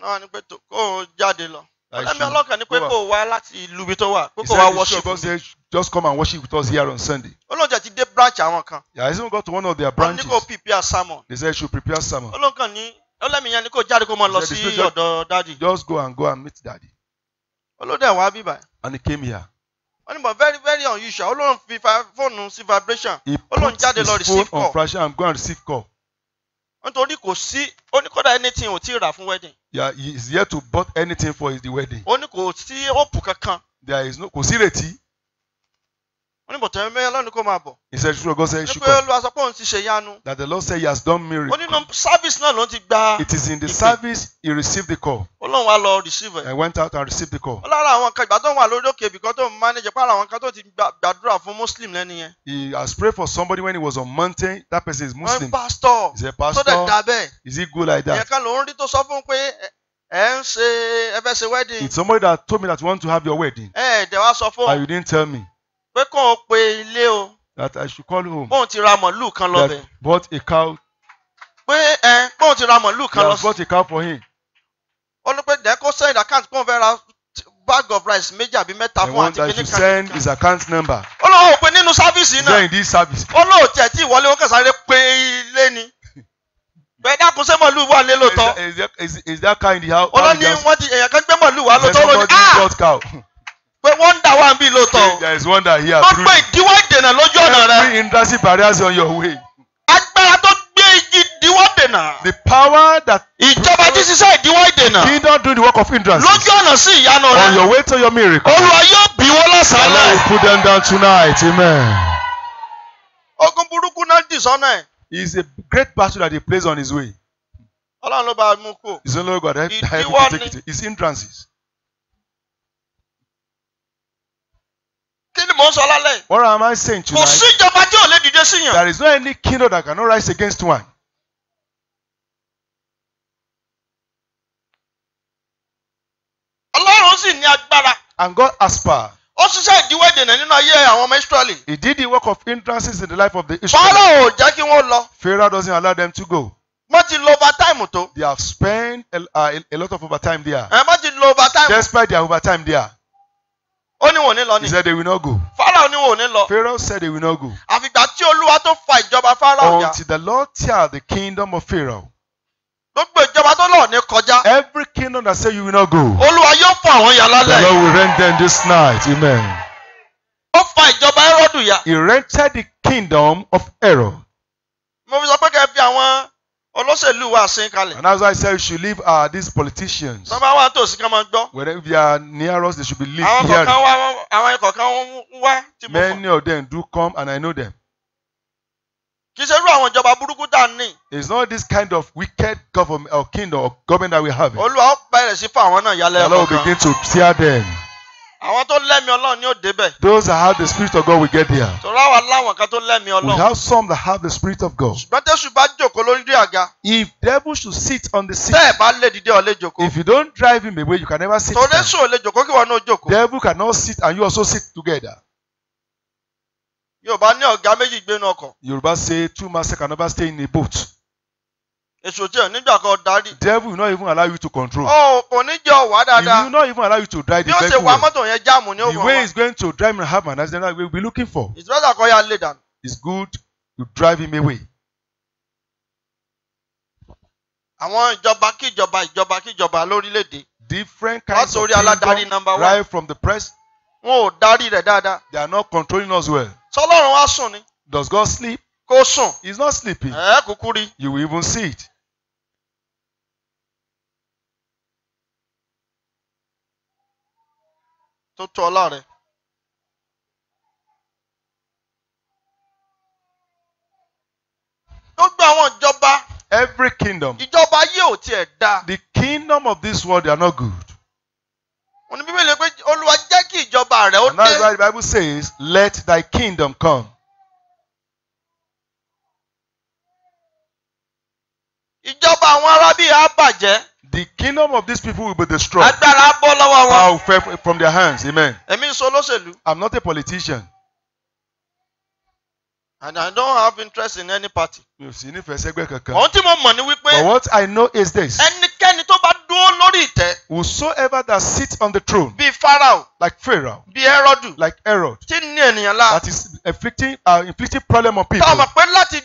náà ni pé kó o jáde lọ. ọlọ́mi ọlọ́kàn ni pé kó o wá láti ìlú ibi tó wà kó o wá worship. he said just come and worship with us here on sunday. olóòjà ti dé branch àwọn kan. yeah i even got to one of their branches. wọ́n ní kó prepare sermon. He said he should prepare sermon. olóòkàn ní ọlẹ́mi ni kò jáde kó mọ lọ sí ọ̀dọ̀ dádì. just go and go and meet daddy. olóde wá bíbá. and he came here. wọ́n ní bọ̀ very very unusual olóhùn fi fóònù sí vibration olóhùn jáde lọ receive call. he put his phone on vibration and go and receive call. nítorí kò sí ó ní kódà anything ò tí ì rà fún wedding. yeah he is yet to bought anything for the wedding. ó ní kò sí hope kankan. there is no kò sí ìrètí. He said, True, God said, Shook up. That the Lord said, He has done miracle. It is in the service He received the call. I went out and received the call. He has prayed for somebody when he was on mountain. That person is Muslim. Pastor. He's a pastor. Is he good like that? ẹ ń ṣe ẹ fẹ́ ṣe wedding. it's somebody that told me that you want to have your wedding. ẹ ẹ dẹ̀ wá sọ fún. and you didn't tell me pé kò ń pe ilé o. that I should call home. bóun ti ra màlúù kan lọ bẹ̀. that bought a cow. pé ẹ bóun ti ra màlúù kan lọ. that bought a cow for him. ó ní pé dẹ́ kó send account kó ń fẹ́ ra bag of rice méjì àbí mẹ́ta fún àti kíní kan. the one that you send his account number. ó lọ́wọ́ pé nínú sáfíìsì náà. then this service. ó lọ́wọ́ tiẹ̀ tí ìwọlé wọn kàn sáré pé ilé ni bẹẹ dákun sẹ mọlúù wà lé is that kind of how. ó lọ ní wọn ti èèyàn kan gbé mọlúù wà lóòótọ́ lónìí pé wonder wà bí lóòótọ́. there is wonder here. gbogbo ìdíwọ́ ìdènà lójú ọ̀nà rẹ. every intrinsic barriers on your way. agbára tó gbé igi ìdíwọ́ dènà. the power that. ìjọba tí ṣiṣẹ́ ìdíwọ́ ìdènà. he don do the work of hindrance. lójú ọ̀nà sí ìyanu rẹ. on your way to your miracle. olúwa yóò bí wọn lọ́sàn-án náà. Allah will put them down tonight amen. ogun burúkú náà dì sọ́nà ẹ̀. he is a great battle that he plays on his way. ọlọ́run ló bá a mú kó. his own logo that kí ni mò sọ lálẹ́. What am I saying tonight? kò sí ìjọba tí ò lè dìde sí yàn. There is no any kingdom that cannot rise against one. Ọlọ́run sì ní agbára. And God has power. Ó ṣiṣẹ́ ìdíwọ́ ìdènà nínú ayé àwọn ọmọ Israẹli. He did the work of entrances in the life of the Israelites. Fọ́lọ́ ò kí wọ́n lọ. Pharaoh doesn't allow them to go. Wọ́n ti lo overtime tó. They have spent a, a, a lot of overtime there. Ẹ wọ́n ti lo overtime. Despite their overtime there ó ní wọn ò ní lọ ni. he said they will not go. Pharaoh ní wọn ò ní lọ. Pharaoh said they will not go. àfìgbà tí Olúwa tó fa ìjọba Pharaoh ya. until the Lord tear the kingdom of Pharaoh. gbogbo ìjọba tó lọ ní kọjá. every kingdom that say you will not go. Olúwa yóò fọ àwọn ya lálẹ́. the Lord will rent them this night amen. ó fa ìjọba Herodu ya. he rented the kingdom of Herod. mo fi sọ pé kẹ́ fi àwọn olóṣèlú wa sin kalẹ̀. and as I say we should leave uh, these politicians. tọ́ba wa tòsí ká máa gbọ́. wherever they are near us they should be leave hearing. àwọn kọ̀ọ̀kan wá àwọn kọ̀ọ̀kan wá many of them do come and I know them. kì í ṣe irú àwọn ìjọba burúkú tá a ní. it's not this kind of wicked government or kingdom or government that we have. olúwa bẹ̀rẹ̀ sí fún àwọn náà yálẹ̀ ẹ̀kọ́ kan. will begin to tear them. Àwọn tó lẹ́mi Ọlọ́run ni ó débẹ̀. Those that have the spirit of God will get there. Tọ́lá wa láwọn kan tó lẹ́mi Ọlọ́run. We have some that have the spirit of God. Ṣùgbọ́n Jésù bá jòkó lórí àga. If devil should sit on the seat. Bẹ́ẹ̀ bá lè dìde ọ̀lẹ́ jòkó. If you don't drive him away, you can never sit down. èso lè jòkó kí wọn náà jòkó. Devil cannot sit and you also sit together. Yorùbá ní ọ̀gá méjì gbénu ọkọ̀. Yorùbá say two masters can never stay in a boat. Èṣù tí ò ní gbà darí. Devil will not even allow you to control. Ó kò ní jẹ́ ọ̀wá dáadáa. He will not even allow you to drive the vehicle. Bí ó ṣe wá mọ́tò yẹn jáàmù ni ó wọ̀ wá. The way he is going to drive me and have an accident we will be looking for. It's better kó yá lè dànù. It's good to drive him away. Àwọn ìjọba kí ìjọba ìjọba kí ìjọba lórílẹ̀‐èdè. Different kinds of kingdom right from the press. Wọn ò darí rẹ̀ dáadáa. They are not controlling us well. Sọlọ́run wá sùn ni. Does God sleep? kó sùn. he is not sleeping. ẹ kúkú rí. you will even see it. tó tó ọlá rẹ. gbogbo àwọn ìjọba. every kingdom. ìjọba ayé ò tiẹ̀ da. the kingdom of this world are not good. òní bíbélì pé olúwa jẹ́ kí ìjọba rẹ̀ ó dé. and that's why the bible says let thy kingdom come. Ìjọba àwọn arábí á bàjẹ́. The kingdom of these people will be destroyed. Agbára bọ́ lọ́wọ́ wọn. Power from their hands, amen. Èmi ń sọ olóṣèlú. I'm not a politician. And I don't have interest in any party. But what I know is this. Whosoever that sits on the throne. Bí Pharaoh. Like Pharaoh. Bí Herod. Like Herod. That is inflicting uh, inflicting problem on people. Tá a mọ̀ pé láti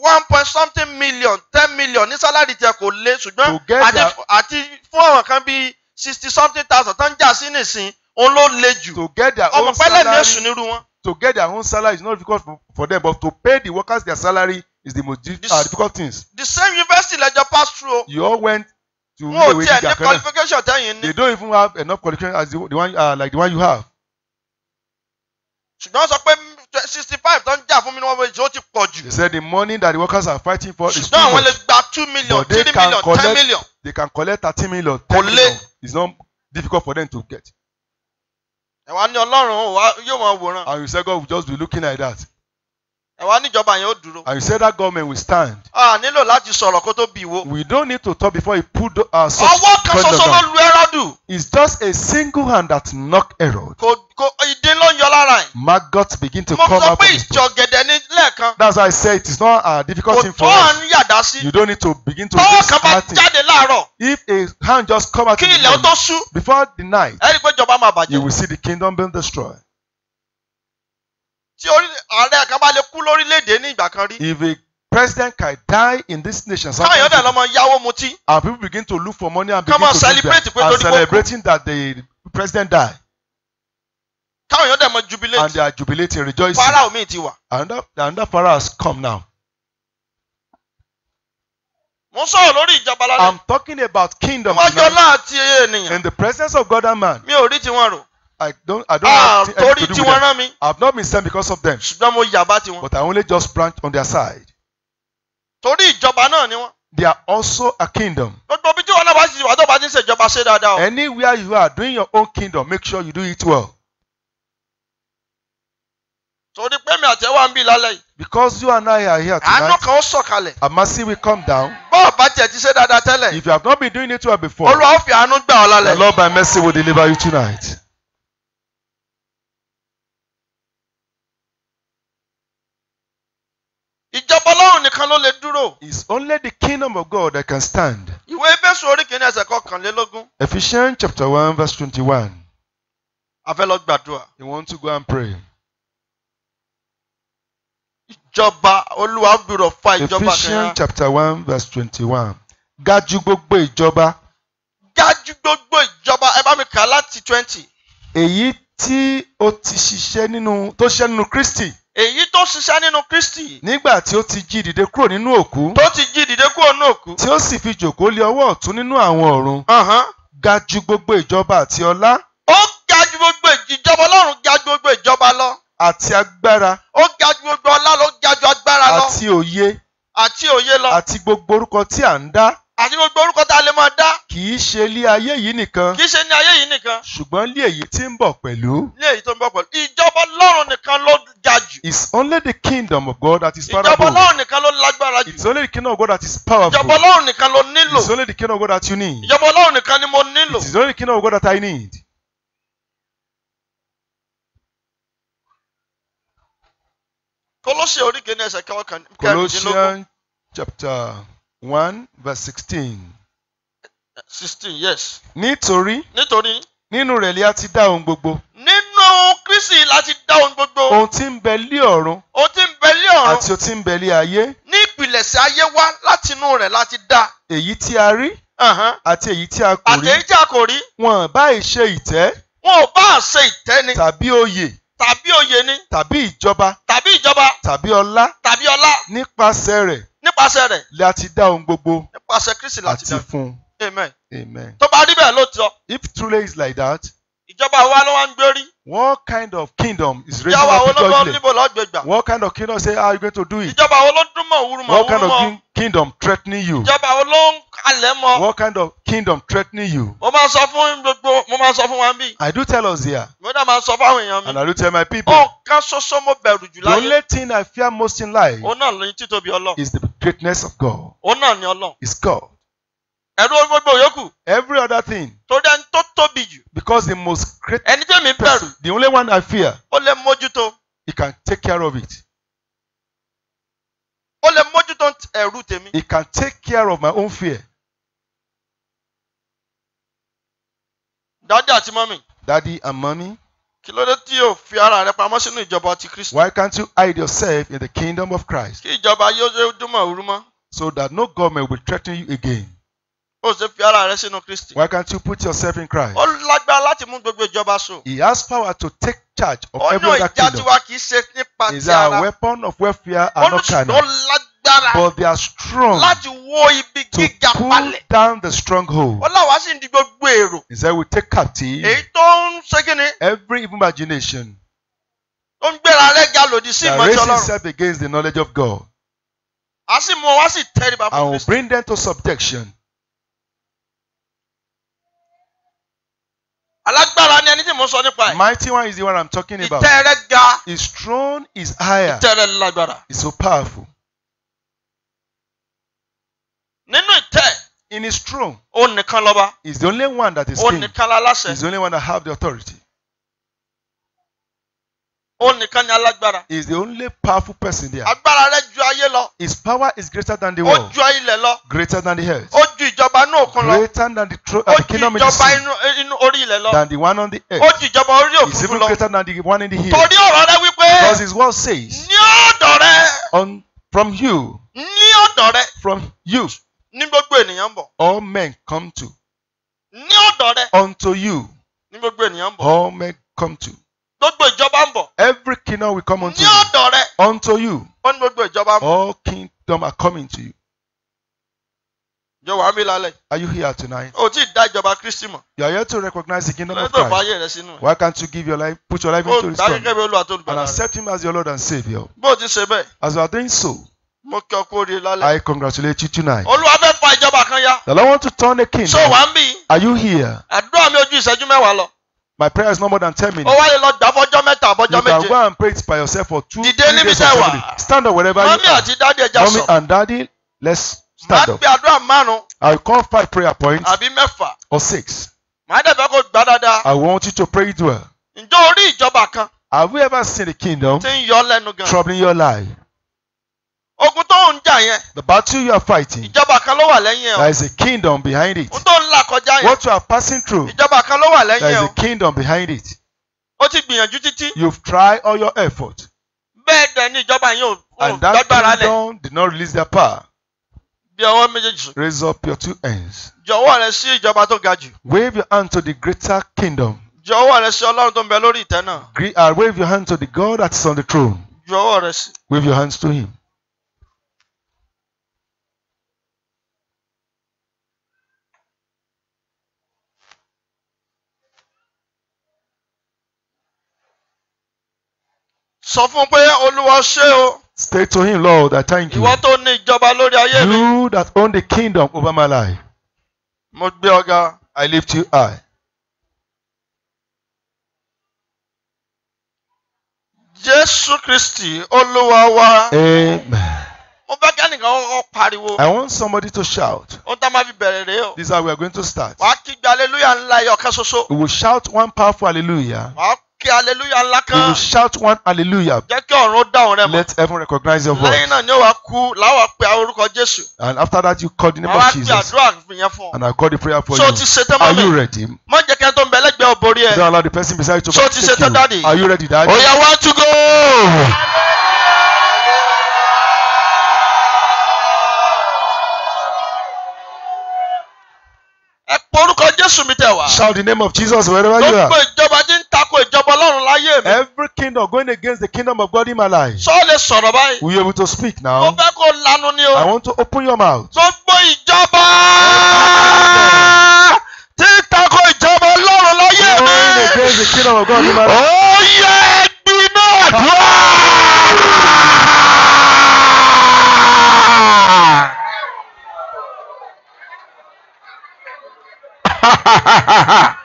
one point something million ten million ní sálárì tí ẹ kò lé ṣùgbọ́n. To get that. kan bíi sixty something thousand tó ń jà sí nìsín òun ló le jù. To Ọmọ pẹ́lẹ́ mi èsùn nírú wọn to get their own salary is not difficult for, for them but to pay the workers their salary is the most the, uh, difficult things. the same university lẹjọ like pass through. you all went to no, wey wey dey their qualification they don't even have enough qualification as the, the one uh, like the one you have. ṣùgbọ́n sọ pé sixty five tó ń jà fún mi ní wọ́n wọ́n ti pọ̀ jù. they said the money that the workers are fighting for is too much. ṣùgbọ́n àwọn lè gba two million three million ten million. they can collect thirty million ten million it's not difficult for them to get ẹ̀wá ní ọlọ́run yóò máa wòran. and you say God will just be looking like that. ẹ̀wá níjọba yẹn ó dúró. and you say that government will stand. a nílò láti sọ̀rọ̀ kó tó bí wo. we don't need to talk before he put uh, such ọwọ́ kan ṣoṣo ló lu Hẹ́rọ́dù. it's just a single hand that knock Herod. kò kò ìdín ló ń yọ lára ẹ̀. maggots begin to Mo come out mo sọ pé ìjọ̀gẹ̀dẹ̀ ní lẹ́ẹ̀kan. that's why I say it is not a difficult thing for us. kò tó à ń yàdá sí. you don't need to begin to risk nothing. tọ́wọ́ kan bá jáde láàárọ̀. if a hand just come out in the morning. kí ilẹ̀ ó tó ṣú. before the night. ẹ rí i pé má máa bàjẹ́. you will see the kingdom being destroyed. tí ààrẹ kan bá lè kú lórílẹ̀‐èdè ní ìgbà kan rí. if a president can die in this nation. káwọn yóò dẹ̀ lọ́mọ yáwó mutí. and people begin to look for money and begin to do that and celebrating that the president die, káwọn yóò dẹ̀ mọ jubilate. and they are jubilating rejoicing. Pharaoh mi ti wà. another another Pharaoh has come now. Mo sọ̀rọ̀ lórí ìjọba lálẹ́. I'm talking about kingdom now. Wájú ọlá àti ènìyàn. In the presence of God and man. Mi ò rí tiwọn rò. I don't I don't ah, anything to do with them. I have not been sent because of them. Ṣùgbọ́n mo yàbá tiwọn. But I only just branch on their side. Torí ìjọba náà ni wọ́n. They are also a kingdom. Gbogbo ibi tí wọn náà bá ti wà tó bá ti ń ṣèjọba ṣe dáadáa o. Anywhere you are doing your own kingdom, make sure you do it well torí pé mi àti ẹ wà ń bí lálẹ́ yìí. because you and I are here tonight. àánú kan ó sọ̀kalẹ̀. a mercy will come down. bó o bá tiẹ̀ ti ṣe dáadáa tẹ́lẹ̀. if you have not been doing it well before. olúwa ó fi àánú gbà ọ́ lálẹ́. the Lord by mercy will deliver you tonight. ìjọba ọlọ́run nìkan ló lè dúró. it's only the kingdom of God that can stand. ìwé Éfésù orí ẹsẹ̀ kọkànlélógún. Ephesians chapter one verse twenty-one. a fẹ́ lọ gbàdúrà. you want to go and pray ìjọba olúwa bìrọ̀ fa ìjọba kan. Ephesians chapter one verse twenty-one gájú gbogbo ìjọba. gájú gbogbo ìjọba ẹ bá mi kà láti twenty. èyí tí o ti ṣiṣẹ́ nínú tó ṣiṣẹ́ nínú Kristi. èyí tó ṣiṣẹ́ nínú Kristi. nígbà tí ó ti jí dìde kúrò nínú òkú. tó ti jí dìde kúrò nínú òkú. tí ó sì fi jòkó lé ọwọ́ ọ̀tún nínú àwọn ọ̀run. gájú gbogbo ìjọba àti ọlá. ó gájú gbogbo ìjọba ọlọ́run gájú gbogbo ìjọba lọ àti agbára. ó ga ju gbogbo ọlá lọ ó ga ju agbára lọ. àti òye. àti òye lọ. àti gbogbo orúkọ tí à ń dá. àti gbogbo orúkọ tá a lè máa dá. kì í ṣe ilé ayé yìí nìkan. kì í ṣe ilé ayé yìí nìkan. ṣùgbọ́n ilé èyí tí ń bọ̀ pẹ̀lú. ilé èyí tó ń bọ̀ pẹ̀lú. ìjọba Ọlọ́run nìkan ló ga jù. it's only the kingdom of God that is powerful. ìjọba Ọlọ́run nìkan ló lágbára jù. it's only the kingdom of God that is powerful. ìjọba Ọlọ́run nìkan ló nílò. it's only the kingdom of God that you need. ìjọba Ọlọ́run Colossians chapter one verse sixteen. sixteen yes. Nitori? Nitori. nínú rẹ̀ ni a ti dá ohun gbogbo. nínú Kristi la ti dá ohun gbogbo. ohun tí ń bẹ lí ọ̀run. ohun tí ń bẹ lí ọ̀run. àti ohun ti ń bẹ lí ayé. ní ìpìlẹ̀ṣẹ̀ ayé wá látinú rẹ̀ la ti dá. èyí tí a rí. àti èyí tí a kò rí. àti èyí tí a kò rí. wọn ò bá ìṣe ìtẹ́. wọn ò bá àṣe ìtẹ́ ni. tàbí oyè tàbí òye ni. tàbí ìjọba. tàbí ìjọba. tàbí ọlá. tàbí ọlá. nípasẹ̀ rẹ̀. nípasẹ̀ rẹ̀. la ti dá ohun gbogbo. nípasẹ̀ Kristi la ti dá. àti fún. amen. amen. tó bá rí bẹ́ẹ̀ lóòótọ́. if truly is like that. ìjọba wa ló wá ń gbérí. What kind of kingdom is raising up in judgment? What kind of kingdom say how are you going to do it? What kind of kingdom threatening you? kalẹ̀ mọ́. What kind of kingdom threatening you? Mo máa sọ fún gbogbo mo máa sọ fún wa bí. I do tell us here. Mo náà máa sọ fún àwọn èèyàn mi. And I do tell my people. Ọ̀kan ṣoṣo mo bẹ̀rù jù láyé. The only thing I fear most in life. Òun náà ni títóbi Ọlọ́run. Is the greatness of God. Òun náà ni Ọlọ́run. Is God. Ẹ̀rú gbogbo yòókù. Every other thing. Torí ẹni tó tóbi jù. Because the most great Ẹni tí mi bẹ̀rù. The only one I fear. Ó lè mójútó. He can take care of it. Ó lè mójútó ẹ̀rù tèmi. He can take care of my own fear. dádì àti mọ́mì. daddy and mommy. kí ló dé tí o fi ara rẹ pamọ́ sínú ìjọba ti Kristi. why can't you hide yourself in the kingdom of Christ. kí ìjọba yóò dúnmọ̀ òru mọ́. so that no government will threaten you again. o ṣe fi ara rẹ sínú Kristi. why can't you put yourself in Christ. ó lágbára láti mú gbogbo ìjọba so. he has power to take charge of every other kingdom. ọ̀nà ìjà tiwa kì í ṣe nípa ti ara. is a weapon of welfare and not carnal. olùsùn tó lágbára lágbára. but they are strong. láti wó ibi gíga palẹ̀. to pull down the stronghold. ọlọ́wà sì ń di gbogbo èrò. he said we take captive. èyí tó ń ṣe kí ni. every imagination. ó ń gbéra rẹ̀ lòdì sí ìmọ̀jọ́ Ọlọ́run. that raises itself against the knowledge of God. a sì mú wá sí tẹríba fún Kristi. and will bring them to subjection. alágbára ni ẹni tí mo sọ nípa ẹ. mighty one is the one I'm talking about. ìtẹ́ ga. his throne is higher. ìtẹ́ lágbára. it's so powerful nínú ìtẹ́. in his throne. ó nìkan lọ́ba. he is the only one that is king. ó nìkan láláṣẹ. he is the only one that have the authority. ó nìkan ni alágbára. he is the only powerful person there. agbára rẹ̀ ju ayé lọ. his power is greater than the world. ó ju ilẹ̀ lọ. greater than the earth. ó ju ìjọba inú òkun lọ. greater than the throne uh, the kingdom of the sea. ó ju ìjọba orí ilẹ̀ lọ. than the one on the earth. ó ju ìjọba orí òkun lọ. he even greater than the one in the hill. torí ọ̀rọ̀ rẹ̀ wípé. because his word says. ní ọ̀dọ̀ rẹ̀. on from you. ní ọ̀dọ̀ rẹ̀. from you. Ní gbogbo ènìyàn bọ̀. All men come to. Ní ọ̀dọ̀ rẹ. Unto you. Ní gbogbo ènìyàn bọ̀. All men come to. Gbogbo ìjọba ń bọ̀. Every kingdom will come unto you. Ní ọ̀dọ̀ rẹ. Unto you. Ó ní gbogbo ìjọba ń bọ̀. All kingdom are coming to you. Jọ wà mí lálẹ́. Are you here tonight? O ti dá ìjọba Kristi mọ̀. You are here to recognize the kingdom of Christ. Why can't you give your life, put your life into his hand? O gbàgbé kẹ́mi Olúwa tó rẹ. And accept him as your Lord and saviour. Bó o ti ṣe bẹ́ẹ̀. As you are doing so. Mo kí ọ kú lálẹ́. I congratulate you tonight. Olúwa fẹ́ fa ìjọba kan ya. The Lord want to turn the king. So, wàá ń bì? Are you here? Àdúrà mi ojú ìṣẹ́jú mẹ́wàá lọ. My prayer is no more than ten minutes. Ó wá lè lọ gbà fọjọ́ mẹ́ta àbọ̀jọ́ méje. You can go and pray it by yourself for two three days or seven days. Stand up wherever you are. Mami àti dádì ẹja sọ. Mami and daddy let's stand up. Má gbé àdúrà márùn I will call five prayer points. Àbí mẹ́fà. Or six. Màá dẹ̀ kó gbá dáadáa. I want you to pray it well. Ǹjẹ́ o ìjọba kan? Have you ever seen the kingdom? Tí ń yọ lẹ́nu gan. Troubling your life ogun tó ń jà yẹn. the battle you are fighting. ìjọba kan ló wà lẹ́yìn ẹ̀ o. there is a kingdom behind it. ohun tó ń là kọjá yẹn. what you are passing through. ìjọba kan ló wà lẹ́yìn ẹ̀ o. there is a kingdom behind it. ó ti gbìyànjú títí. you've tried all your effort. bẹ́ẹ̀ dẹ̀ ni ìjọba yẹn ò dọ́gbàrá lẹ̀. and that kingdom did not release their power. bí ọwọ́ méjèèjì. raise up your two hands. jọ̀wọ́ rẹ sí ìjọba tó ga jù. wave your hand to the greater kingdom. jọ̀wọ́ rẹ sí ọlọ́run tó ń bẹ lórí ìtẹ́ náà. Uh, wave your hand to the God that is on the throne. jọ̀wọ́ rẹ sí. wave your hands to him. Sọ fún pé Olúwa ṣé o. Say to him, Lord, I thank you. Ìwọ tó ní ìjọba lórí ayé mi. You that own the kingdom over my life. Mo gbé ọ I lift you high. Jésù Kristì Olúwa wa. Amen. Mo fẹ́ kí ẹnìkan ó pariwo. I want somebody to shout. Ohun tá máa fi bẹ̀rẹ̀ rèé o. This is how we are going to start. Wàá kígbe hallelujah ńlá ẹyọ kan ṣoṣo. We will shout one powerful hallelujah. Wàá kí hallelujah ńlá kan. you shout one hallelujah. jẹ́ kí ọ̀run dáhùn rẹ mọ̀. let heaven recognize your voice. lẹ́yìn náà ni wàá kú làwọn pe orúkọ Jésù. and after that you call the name of Jesus. àwọn àti àdúrà yẹn fún ọ. and I call the prayer for so you. so ti ṣe tán mọ́mí. are you ready. má jẹ́ kí ẹ tó ń bẹ lẹ́gbẹ̀ẹ́ òbórí ẹ. don't allow the person beside you to so overtake you. so ti ṣe tán dáàdi. are you ready dáàdi. oya oh, want to go. ẹ pe orúkọ Jésù mi tẹ wá. shout the name of Jesus wherever you are. ló ìjọba tí ń láyé mi. every kingdom going against the kingdom of God in my life. sọ lè sọ̀rọ̀ báyìí. will you able to speak now. mo fẹ́ kó lanu ni o. I want to open your mouth. gbogbo ìjọba tí tako ìjọba ọlọ́run láyé mi. going against the kingdom of God in my life. ó gbiná àdúrà. ha ha ha ha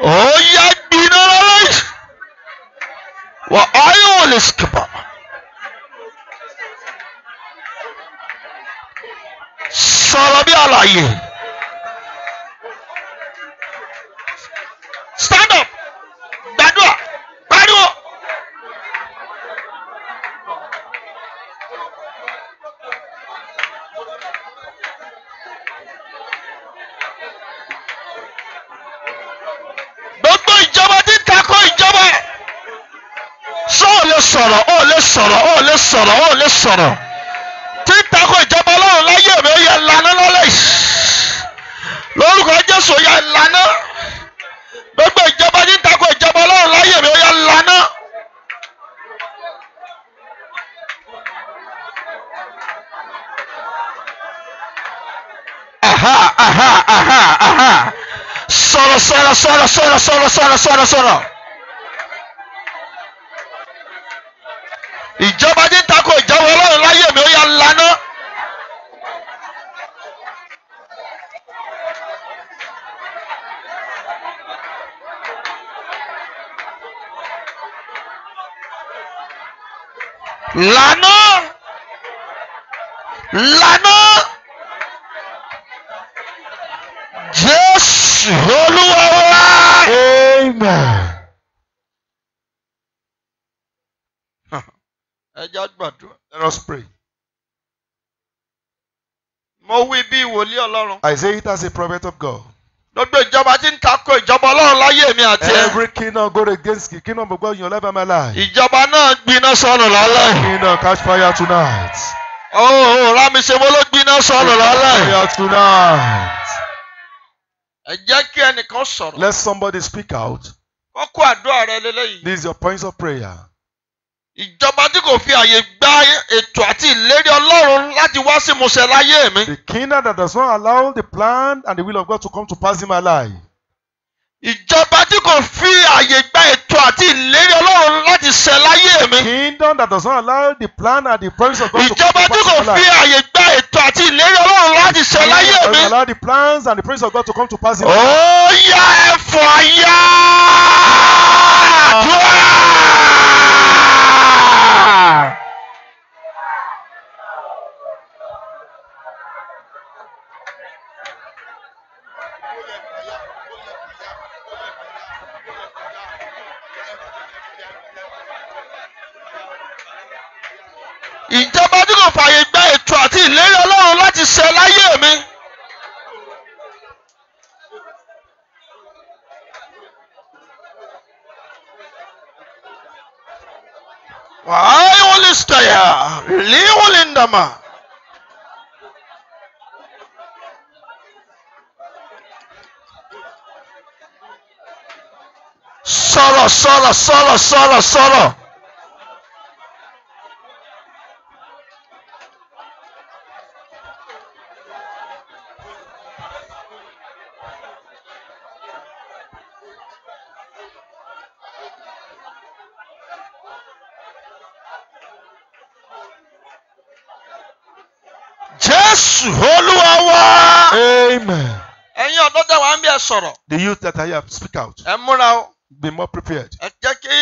Oya dinaralar ve ayolis kıba. Sağla alayı. sọ̀rọ̀ ó lè sọ̀rọ̀ tí ń takò ìjọba ọlọ́run láyé mi ó yẹ lana lọ́lẹ̀ lórúkọ jésù ó yẹ lana gbogbo ìjọba tí ń ìjọba ọlọ́run láyé mi ó yẹ lana. sọ̀rọ̀ sọ̀rọ̀ sọ̀rọ̀ sọ̀rọ̀ sọ̀rọ̀ sọ̀rọ̀ sọ̀rọ̀ sọ̀rọ̀. lànà lànà jésù olúwa wá. amen. ẹ jẹ́ gbàdúrà let us pray. mo wí bí wòlíì ọlọ́run. I say it as a prophet of God. gbogbo ìjọba tí tako ìjọba ọlọ́run láyé mi àti ẹ. every kingdom go against the kingdom of God in your life and my life. ìjọba náà gbiná sọnù lálẹ́. kingdom catch fire tonight. ooo oh, oh, rámiṣẹ́wó ló gbiná sọnù lálẹ́. catch fire tonight. ẹ jẹ́ kí ẹnìkan sọ̀rọ̀. let somebody speak out. kókó àdúrà rẹ lélẹ́yìí. this is your points of prayer. Ìjọba tí kò fi àyè gba ètò àti ìlérí Ọlọ́run láti wá sí ìmúṣẹ láyé mi. The kingdom that does not allow the plan and the will of God to come to pass in my life. Ìjọba tí kò fi àyè gba ètò àti ìlérí Ọlọ́run láti ṣẹ láyé mi. Kingdom that does not allow the plan and the promise of God to come to pass. Ìjọba tí kò fi àyè gba ètò àti ìlérí Ọlọ́run láti ṣẹ láyé mi. Kingdom that allow the plans and the promise of God to come to pass. Ó yá ẹ̀fọ́ ayá ah! àdúrà. gbọ́dọ̀ fààyè gba ètò àti ìlérí Ọlọ́run láti ṣẹ láyé mi. Wàhálì wọlé sítẹ̀yà, rìlí wọlé ń dàmà. Sọ̀rọ̀ sọ̀rọ̀ sọ̀rọ̀ sọ̀rọ̀ sọ̀rọ̀. sọ̀rọ̀. the youth that I have speak out. ẹ múra o. be more prepared. ẹ jẹ́ kí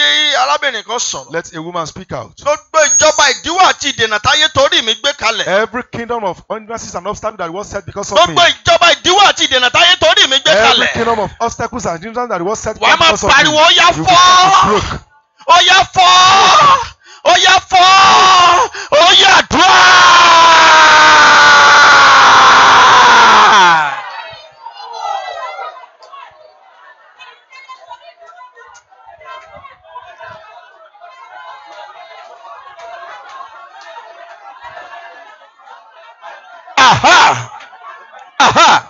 arábìnrin kan sọ̀rọ̀. let a woman speak out. gbogbo ìjọba ìdíwọ́ àti ìdènà táyé torí mi gbé kalẹ̀. every kingdom of hindrances and obstacles that was set because of me. gbogbo ìjọba ìdíwọ́ àti ìdènà táyé torí mi gbé kalẹ̀. every kingdom of obstacles and hindrances that was set because of me. wàá máa pariwo ó yá fọ́ ó yá fọ́ ó yá fọ́ ó yá dùn. Aha! Aha!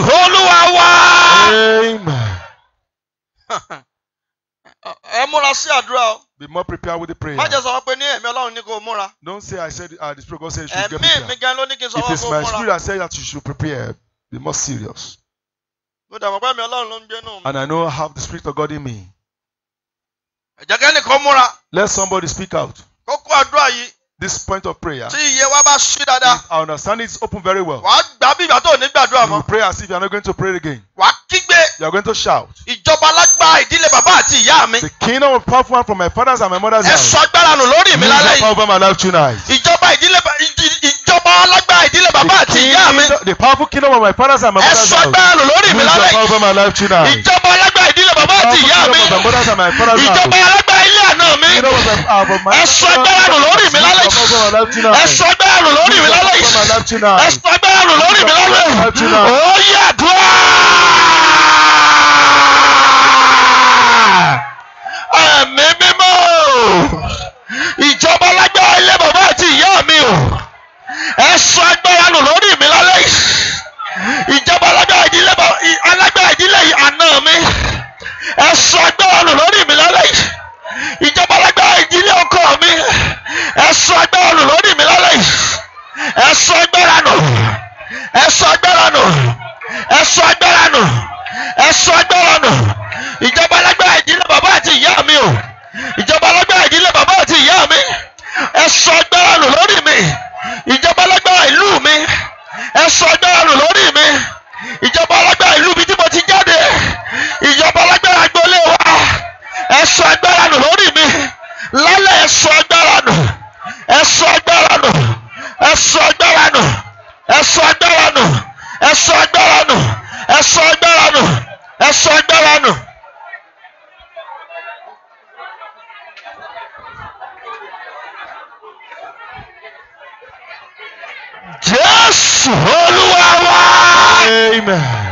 Jésù Olúwa wá. Ẹ múra sí àdúrà o. Be more prepared with the prayer. Má jẹ́ sọ pé ní ẹ̀mí Ọlọ́run ní kò múra. Don't say I said uh, the spirit God said you should get prepared. Ẹ̀mí mi gan ló ní kí n sọ wọ́n kó múra. If it's my spirit I said that you should prepare, be more serious. Mo dàgbà pé ẹ̀mí Ọlọ́run ló ń gbénú mi. And I know I have the spirit of God in me. Ẹ jẹ́ kẹ́ni kó múra. Let somebody speak out. Kókó àdúrà yìí this point of prayer. tí iye wa bá ṣí dáadáa. our understanding is open very well. wàá gbà bí ìgbà tó ní gbàdúrà mọ́. you will pray as if you are not going to pray again. wàá kígbe. you are going to shout. ìjọba alágbá ìdílé bàbá àti ìyá mi. the kingdom of power man from my father's and my mother's house. ẹ̀sọ́ agbára nù lórí mi lálẹ́ yìí. move over my life tonight. ìjọba ìdílé ìjọba alágbá ìdílé bàbá àti ìyá mi. the powerful kingdom of my father's and my mother's house. ẹ̀sọ́ agbára nù lórí mi lálẹ́ yìí. move over my life tonight. ìjọba alágbá ìdílé bàbá àti ìyá mi ìjọba alágbára ilé àná mi ẹ̀sọ́ agbára rò lórí mi lálẹ́ ẹ̀sọ́ agbára rò lórí mi lálẹ́ ẹ̀sọ́ agbára rò lórí mi lálẹ́ ó yẹ àdúrà. ẹ̀mí mímọ́ ìjọba alágbára ilé bàbá àti ìyá mi ẹ̀sọ́ agbára rò lórí mi lálẹ́ yìí ìjọba alágbára ìdílé alágbára ìdílé yìí àná mi ẹ sọ agbára lò lórí mi lálẹ́ yìí ìjọba alágbára ìdílé ọkọ mi ẹ sọ agbára lò lórí mi lálẹ́ yìí ẹ sọ agbára nù ẹ sọ agbára nù ẹ sọ agbára nù ẹ sọ agbára nù ìjọba alágbára ìdílé bàbá àti ìyá mi o ìjọba alágbára ìdílé bàbá àti ìyá mi ẹ agbára lò lórí mi ìjọba alágbára ìlú mi ẹ agbára lò lórí ìjọba alágbára ìlú ibi tí ti jáde ìjọba alágbára agboolé wa ẹ sọ agbára nù lórí mi lálẹ́ ẹ sọ agbára nù ẹ sọ agbára nù ẹ sọ agbára nù ẹ sọ agbára nù ẹ sọ agbára nù ẹ sọ agbára nù ẹ agbára nù. Jésù Olúwa wa. Amen.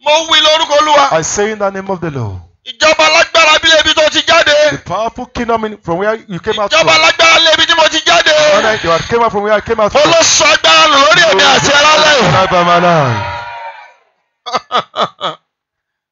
Mo wí lórúkọ Olúwa. I say in the name of the Lord. Ìjọba alágbára bí lebi tó ti jáde. The powerful kingdom in, from where you came out from. Ìjọba alágbára lebi tí mo ti jáde. When you came out from where I came out from. Olóṣù agbára lórí èmi àti alálẹ̀.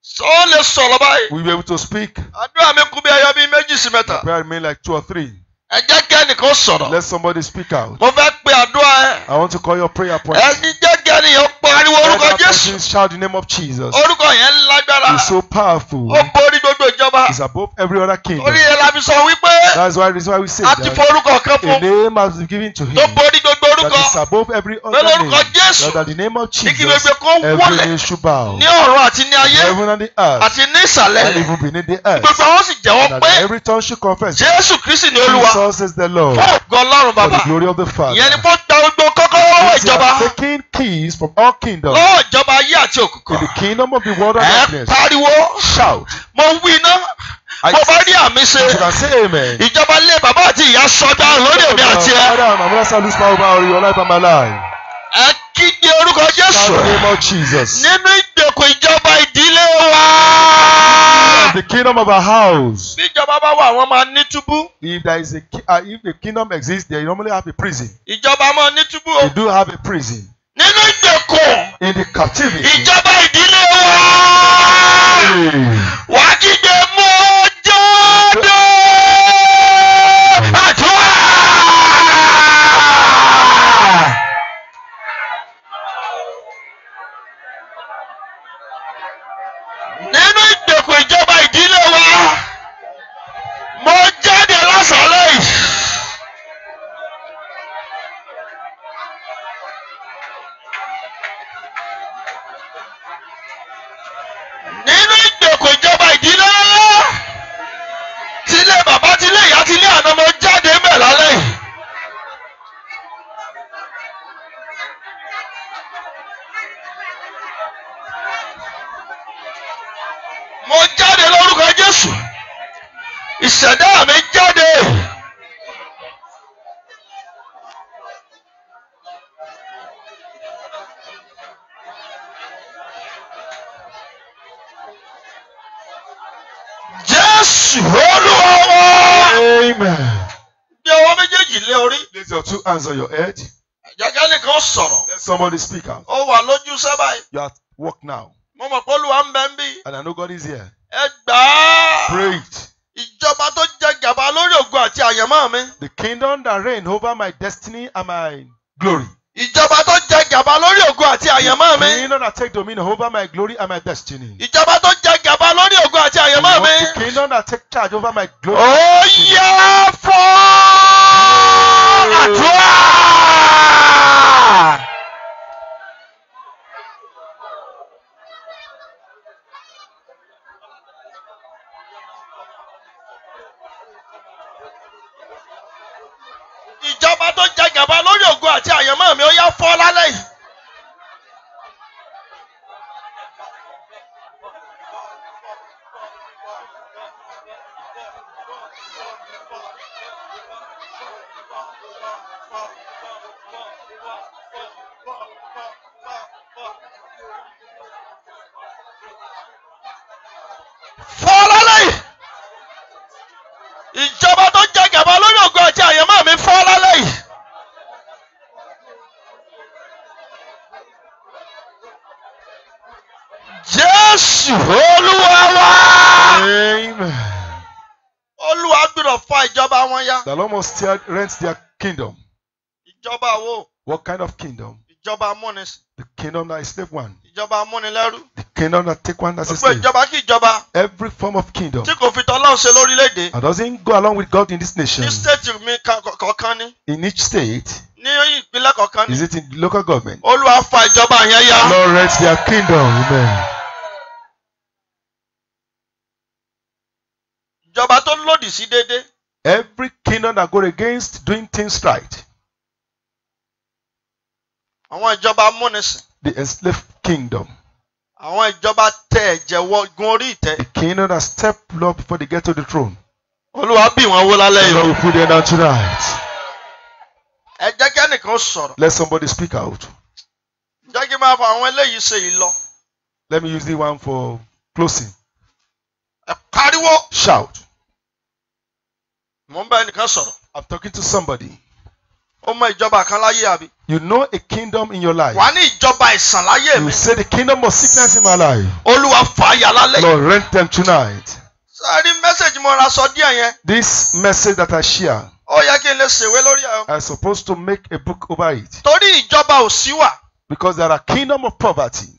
Sọ lè sọ̀rọ̀ báyìí. We were able to speak. Àdúrà mi kú bí ẹyọ bíi méjì sí mẹ́ta. Prayer mean like two or three ẹ jẹ́ kí ẹnìkan sọ̀rọ̀. let somebody speak out. mo fẹ́ pe àdúrà ẹ. I want to call your prayer point. ẹni jẹ́ kí ẹnìyàn pariwo orúkọ Jésù. let that person shout the name of Jesus. orúkọ yẹn lágbára. he is so powerful. ó borí gbogbo ìjọba. he is above every other king. orí ẹ̀ la fi sọ wípé. that is why reason why we say that. a ti forúkọ kan fún. a name has been given to him. tó borí gbogbo orúkọ. that is above every other name. lórúkọ that the name of Jesus. ní kí gbogbo wọlé. every nation bow. ní ọ̀run àti ní ayé. heaven and the earth. àti ní ìsàlẹ̀. and even beneath the earth. gbogbo àwọn sì jẹ́wọ́ pé. and that every tongue Kristi ni Olúwa so says the Lord. Oh, for the glory of the Father. ìjọba. he is taking keys from all kingdoms. lọ́wọ́ ìjọba ayé àti òkùnkùn. in the kingdom of the world and darkness. ẹ pariwo. shout. mo wí iná mo bá rí àmì ṣe ìjọba ilé bàbá àti ìyá sọdá lórí èmi àti ẹ ẹ kígbe orúkọ Jésù. In the name of Jesus. Nínú ìgbèkùn ìjọba ìdílé wa. The kingdom of our house. Bí ìjọba bá wà, wọ́n máa ní túbú. If there is a uh, if the kingdom exists, they normally have a prison. Ìjọba máa ní túbú o. They do have a prison. Nínú ìgbèkùn. In the captivity. Ìjọba ìdílé wa. Wàá kígbe Raise your two hands on your head. Jẹ́jẹ́ nìkan sọ̀rọ̀. Let somebody speak out. Ó wà lójú sábà. You are work now. Mo mọ̀ pé Olúwa ń bẹ ń bí. And I know God is here. Ẹ gbà á. Pray it. Ìjọba tó jẹ gàba lórí ògo àti àyànmọ́ mi. The kingdom that reign over my destiny and my glory. Ìjọba tó jẹ gàba lórí ògo àti àyànmọ́ mi. The kingdom that take dominion over my glory and my destiny. Ìjọba tó jẹ gàba lórí ògo àti àyànmọ́ mi. The kingdom that take charge over my glory. Ó yẹ fún àdúrà. ìjọba tó jẹ gàba lórí ògo àti àyànmọ́ mi ó yá fọ́ lálẹ́ fọ́ọ́rọ́ lẹ́yìn ìjọba tó jẹ gàba lórí ògo àti àyẹ̀mọ́ mi fọ́ọ́rọ́ lẹ́yìn. Jésù Olúwa wa. Olúwa gbọ́dọ̀ fọ́ ìjọba wọn ya. The Lord must rent their kingdom. Ìjọba wo? What kind of kingdom? Ìjọba amúnisìn. The kingdom that is slave one. Ìjọba amúnilẹ́rú. The kingdom that take one as a slave. Gbogbo ìjọba kí ìjọba. Every form of kingdom. Tí kò fi tọ́lọ́run ṣe lórílẹ̀-èdè. That doesn't go along with God in this nation. Ní state mi kọ̀ọ̀kan ni. In each state. Ní ìpínlẹ̀ kọ̀ọ̀kan ni. Is it in local government? Olúwa fa ìjọba yẹn ya. Lord rest their kingdom. Amen. Ìjọba tó lòdì sí déédéé. Every kingdom that go against doing things right. Àwọn ìjọba amúnisìn. The enslaved kingdom. Àwọn ìjọba tẹ ẹ̀jẹ̀ wọ gun orí ìtẹ́. The kingdom that stepped up before they get to the throne. Olúwa bí wọn wó lálẹ́ yìí. The Lord will tonight. Ẹ jẹ́ kí ẹnìkan sọ̀rọ̀. Let somebody speak out. Jẹ́ kí n máa fọ àwọn eléyìí ṣe yìí lọ. Let me use the one for closing. Ẹ pariwo. Shout. Mo ń bá ẹnìkan sọ̀rọ̀. I'm talking to somebody ó mọ ìjọba kan láyé àbí. you know a kingdom in your life. wà ní ìjọba ìsàn láyé mi. you say the kingdom of sickness in my life. olúwa fàáyà lálẹ́. lord rent them tonight. sáré mẹ́sẹ̀gì mo ra sọ díẹ̀ yẹn. this message that I share. ó yẹ kí n lè ṣèwé lórí ẹ. I supposed to make a book over it. torí ìjọba òṣì wà. because there are kingdom of poverty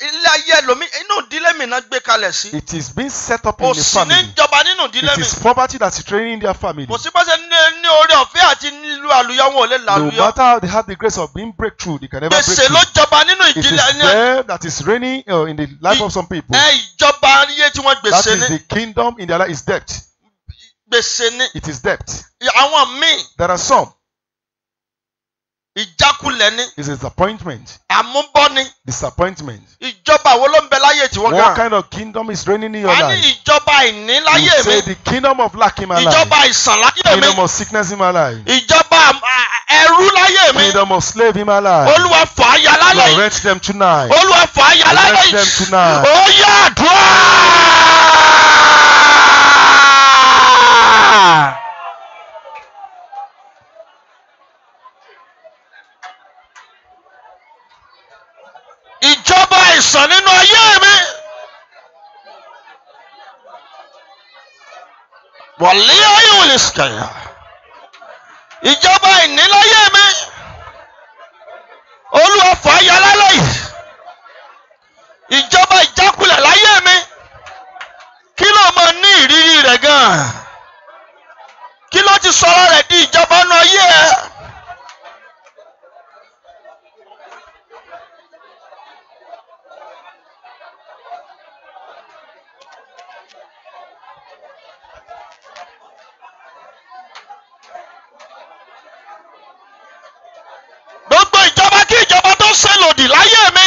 ilé ayé ẹlòmí inú ìdílé mi náà gbé kalẹ̀ sí. it is being set up in the family. òsì ní ìjọba nínú ìdílé mi. it is poverty that is training their family. kò sí bó ṣe ní orí ọ̀fẹ́ àti nílu àlùyọ wọn ò lè làlùyọ. no matter how they have the grace of being breakthrough they can never break through. gbèsè ló jọba nínú ìdílé. it is there that is reigning uh, in the life of some people. ẹ ìjọba ayé tí wọ́n gbèsè ní. that is the kingdom in their life is debt. gbèsè ní. it is debt. àwọn míì. there are some ìjákulẹ̀ ni. is a disappointment. àmúbọ́ disappointment. ìjọba wo ló ń bẹ láyé tiwọn gan. what kind of kingdom is reigning in your life. a ní ìjọba àìní láyé mi. you say the kingdom of lack in my life. ìjọba àìsàn láyé mi. kingdom of sickness in my life. ìjọba ẹrú láyé mi. kingdom of slave in my life. olúwa fà á ya lálẹ́ yìí. arrest them tonight. olúwa fà á lálẹ́ yìí. arrest them tonight. ó àdúrà. àìsàn nínú ayé mi. wọ̀lé ayé wò lè sìkàyà ìjọba ìníláyé mi olúwa fàáyà lálẹ́ yìí ìjọba ìjákulẹ̀ láyé mi kí ló mọ ní ìrírí rẹ̀ gan-an kí ló ti sọ̀rọ̀ rẹ̀ di ìjọba náà yé ẹ. tó ṣèlòdì láyé mi.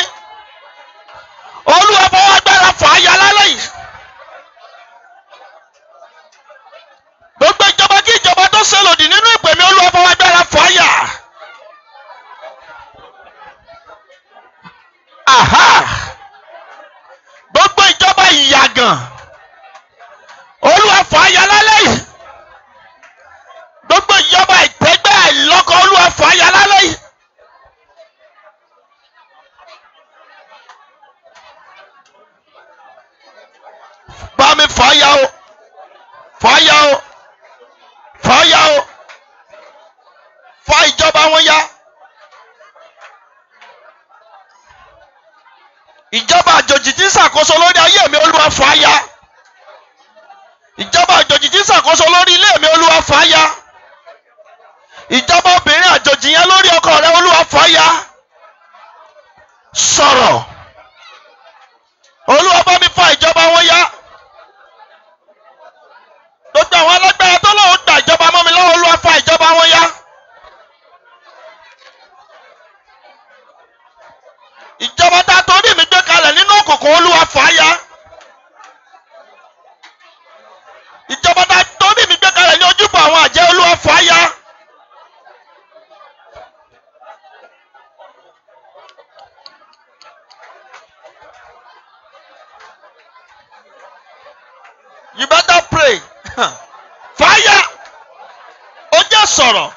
àjòjì tí ń ṣàkóso lórí ilé mi olúwa fàáya ìjọba obìnrin àjòjì yẹn lórí ọkọ rẹ olúwa fàáya sọ̀rọ̀ olúwa bá mi fa ìjọba wọn ya gbogbo àwọn alágbára tó lóun gba ìjọba mọ́ mi lọ́wọ́ olúwa fa ìjọba wọn ya. ìjọba tá a torí mi gbé kalẹ̀ nínú òkùnkùn olúwa fàáya. ìjọba tó ní mi gbé ní ojúbọ àwọn àjẹ́ olúwa fàáyà. you better pray fire ó jẹ́ sọ̀rọ̀.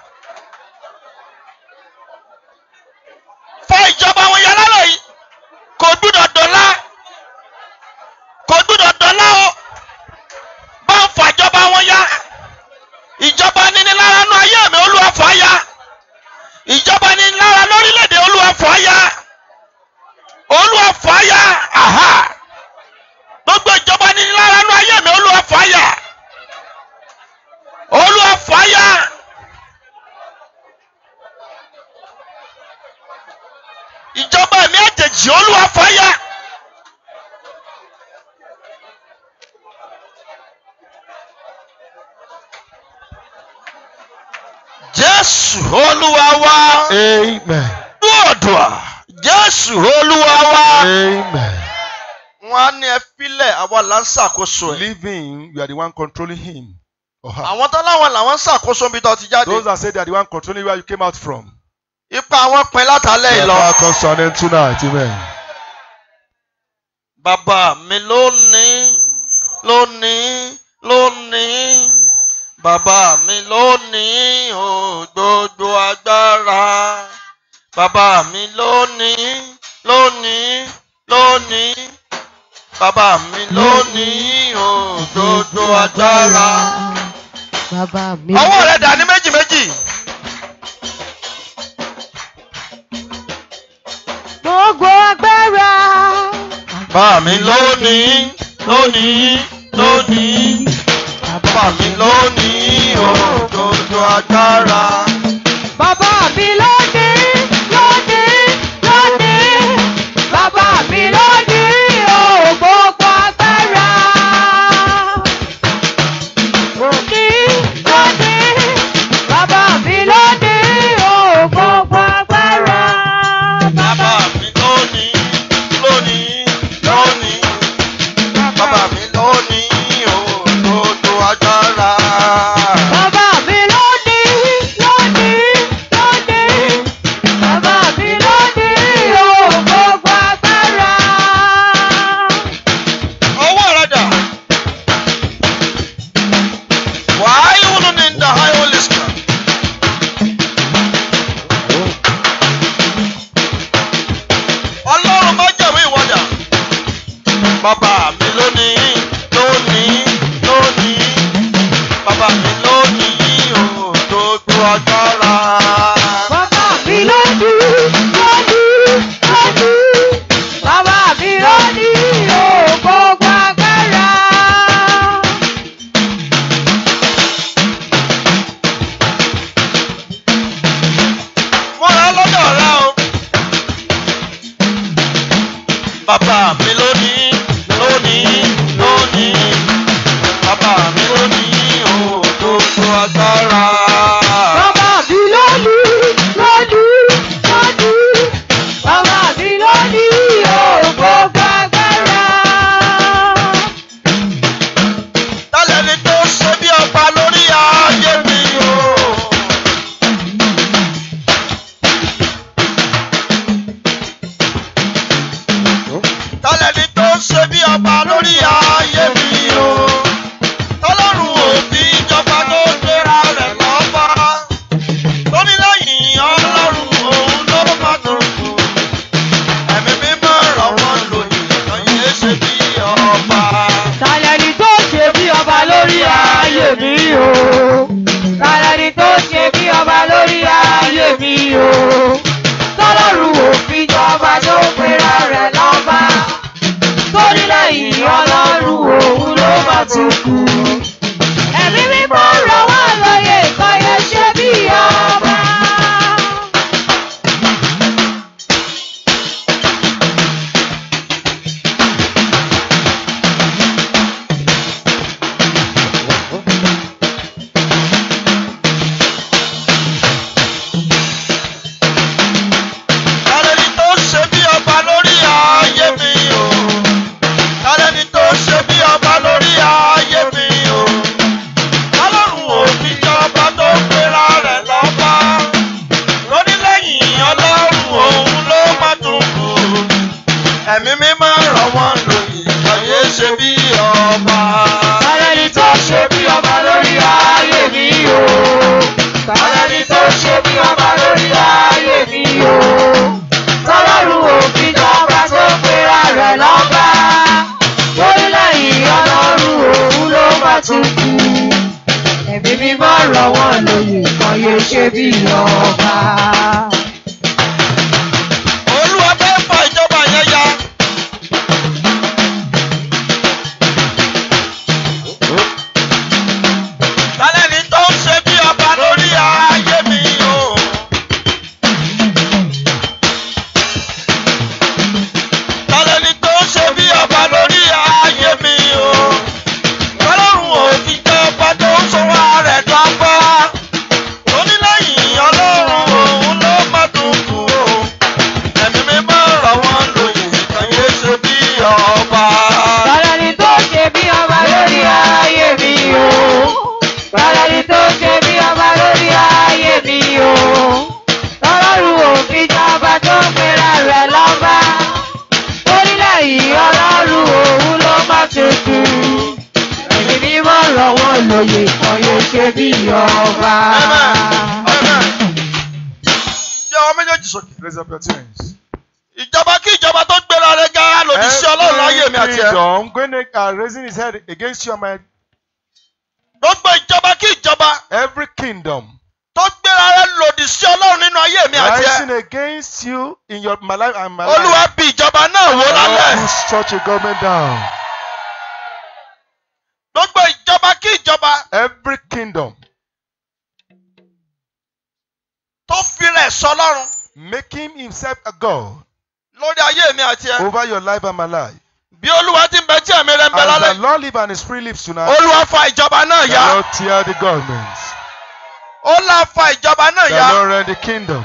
olúwa wa. amen. gbọ́dọ̀ jésù olúwa wa. amen. wọ́n á ní ẹ fílẹ̀ àwa là ń ṣàkóso ẹ̀. leave you are the one controlling him. àwọn tó láwọn làwọn ń ṣàkóso ibi tó ti jáde. those that say they are the one controlling where you came out from. ipa àwọn pin látàlẹ́ ìlọ. never concerning tonight amen. bàbá mi lónìí lónìí lónìí. Bàbá mi ló o gbogbo agbára. Bàbá mi ló ní ló ní ló Bàbá mi ló o gbogbo agbára. Bàbá mi. Ọwọ́ rẹ̀ dà ní méjì méjì. Gbogbo agbára. Bàbá mi ló ní ló bàbá mi ló ní òdodo agbára. bàbá mi ló when are raising his head against you and my. gbogbo ìjọba kí ìjọba. every kingdom. tó gbéra rẹ̀ lòdì sí Ọlọ́run nínú ayé mi àti ẹ. rising against you in your my life and my life. Olúwa bì ìjọba náà wó lálẹ́. all this church government down. gbogbo ìjọba kí ìjọba. every kingdom. tó fi rẹ̀ sọ́lọ́run. making himself a god. lórí ayé mi àti ẹ. over your life and my life. Bí Olúwa ti ń bẹ tí ẹ̀mí rẹ̀ ń bẹ lálẹ́. As the Lord live and his free lives tonight. Olúwa fa ìjọba náà yá. The Lord tear the government. Ó la fa ìjọba náà yá. The Lord rend the kingdom.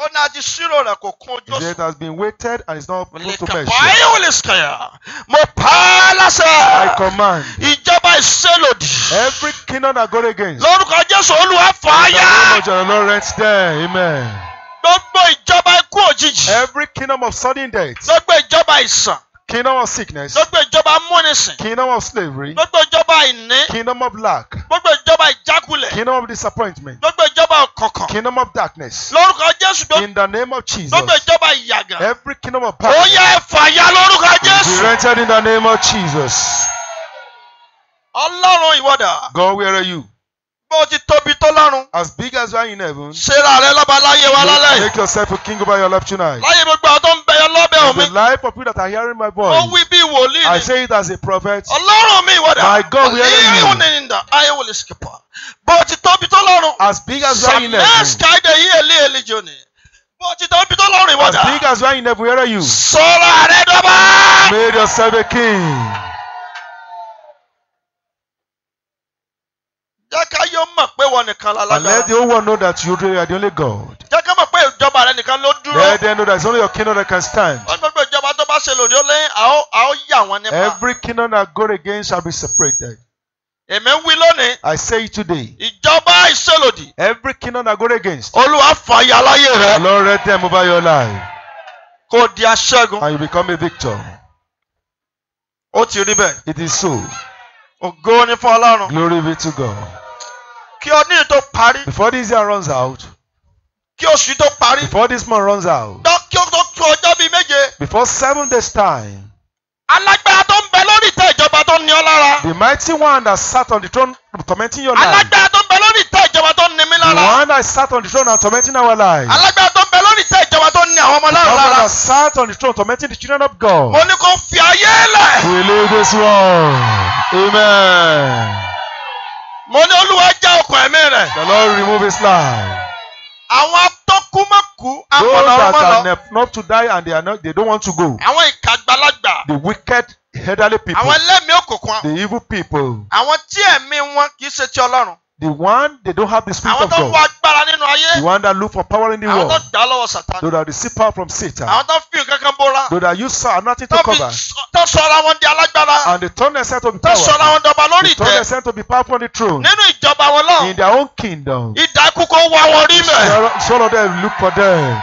Ó ní àti ṣírò rẹ̀ kò kún ojú òṣùwọ̀n. It has been waited and is not put to measure. Báyìí ò lè sọ̀yà. Mo pa á lásẹ̀. I command. Ìjọba ìṣèlódì. Every kingdom that go against. Lórúkọ Jésù Olúwa fà á yá. The Lord rent there. Amen. Gbogbo ìjọba ikú òjijì. Every kingdom of sudden death. Gbogbo ìjọba ìsàn. Kingdom of sickness. Gbogbo ìjọba amúnisìn. Kingdom of slavery. Gbogbo ìjọba àìní. Kingdom of lack. Gbogbo ìjọba ìjákulẹ̀. Kingdom of disappointment. Gbogbo ìjọba ọ̀kọ̀ọ̀kan. Kingdom of darkness. Lórúkọ Jésù gbogbo. In the name of Jesus. Gbogbo ìjọba ìyàgàn. Every kingdom of power. Ó yẹ fàyà lórúkọ Jésù. we rented in the name of Jesus. Ọlọ́run ìwọ́dà. God where are you? bó ti tóbi tó lọ́run. as big as you are in heaven. ṣera rẹ lọ́ba láyé wa lálẹ́ make yourself a king over your life tonight. láyé gbogbo àwọn tó ń bẹyọ lọ́bẹ̀ omi. the life of people that are hearing my voice. ó wí bí wòlíì ni. I say it as a prophet. ọlọ́run mi ìwọ́dà. my God will hear you. ìrìn òní nìdá ayé wòlíì síkìpọ̀. bó ti tóbi tó lọ́run. as big as you are in heaven. sàmẹ́sì káyọ̀dé yìí èlé èlé jò ní. bó ti tóbi tó lọ́run ìwọ́dà. as big as you are in heaven, where are you. sọ̀rọ̀ àrẹ dọ́bà. made yourself a king. Jẹ́ ká yóò mọ̀ pé wọ nìkan la And let the whole world know that you are the only God. Jẹ́ ká mọ̀ pé ìjọba rẹ nìkan ló dúró. Let them know that it's only your kingdom that can stand. Wọ́n gbọ́dọ̀ ìjọba tó bá ṣe lòdì ó lẹ́yìn àó àó yà wọ́n nípa. Every kingdom that go against shall be separated. Èmi ń wí lónìí. I say it today. Ìjọba ìṣèlòdì. Every kingdom that go against. Olúwa fàyà láyé rẹ. Lord let them over your life. Kò di aṣẹ́gun. And you become a victor. Ó ti rí bẹ́ẹ̀. It is so. Ògo ni fún Ọlọ́run. Glory be to God. Kí ọdún yìí tó parí. Before this year runs out. Kí oṣù tó parí. Before this month runs out. Kí o tó tu ọjọ́ bíi méje. Before seven days time. Alágbára tó ń bẹ lórí ìtẹ́ ìjọba tó ní ọ lára. The mighty one that sat on the throne tormenting your life. Alágbára tó ń bẹ lórí ìtẹ́ ìjọba tó ní mi lára. The one that sat on the throne and tormenting our lives. Alágbára tó ń bẹ lórí ìtẹ́ ń àwọn ọmọ lára. God that sat on the throne tormenting the children of God. mo ní kó fi ayé lẹ̀. Believe this one. Amen. mo ní olúwa já ọkàn ẹ̀mí rẹ̀. The Lord remove his life. àwọn atọ́kùnmọ́kù amọ̀nà ọmọ náà. Those that are not to die and they, are not, they don't want to go. àwọn ìkàgbàlagbà. The wicked elderly people. àwọn ẹlẹ́mìí òkùnkùn. The evil people. àwọn tí ẹ̀mí wọn kì í ṣe ti Ọlọ́run. The one they don't have the spirit of God. The one that look for power in the world. Àwọn tó that receive power from Satan. Àwọn tó that use sir nothing to cover. Tó sọ ara wọn di alágbára. And The turn themselves to be power. They turn themselves to be powerful on the throne. In their own kingdom. Ìdákú kó wá them look for them.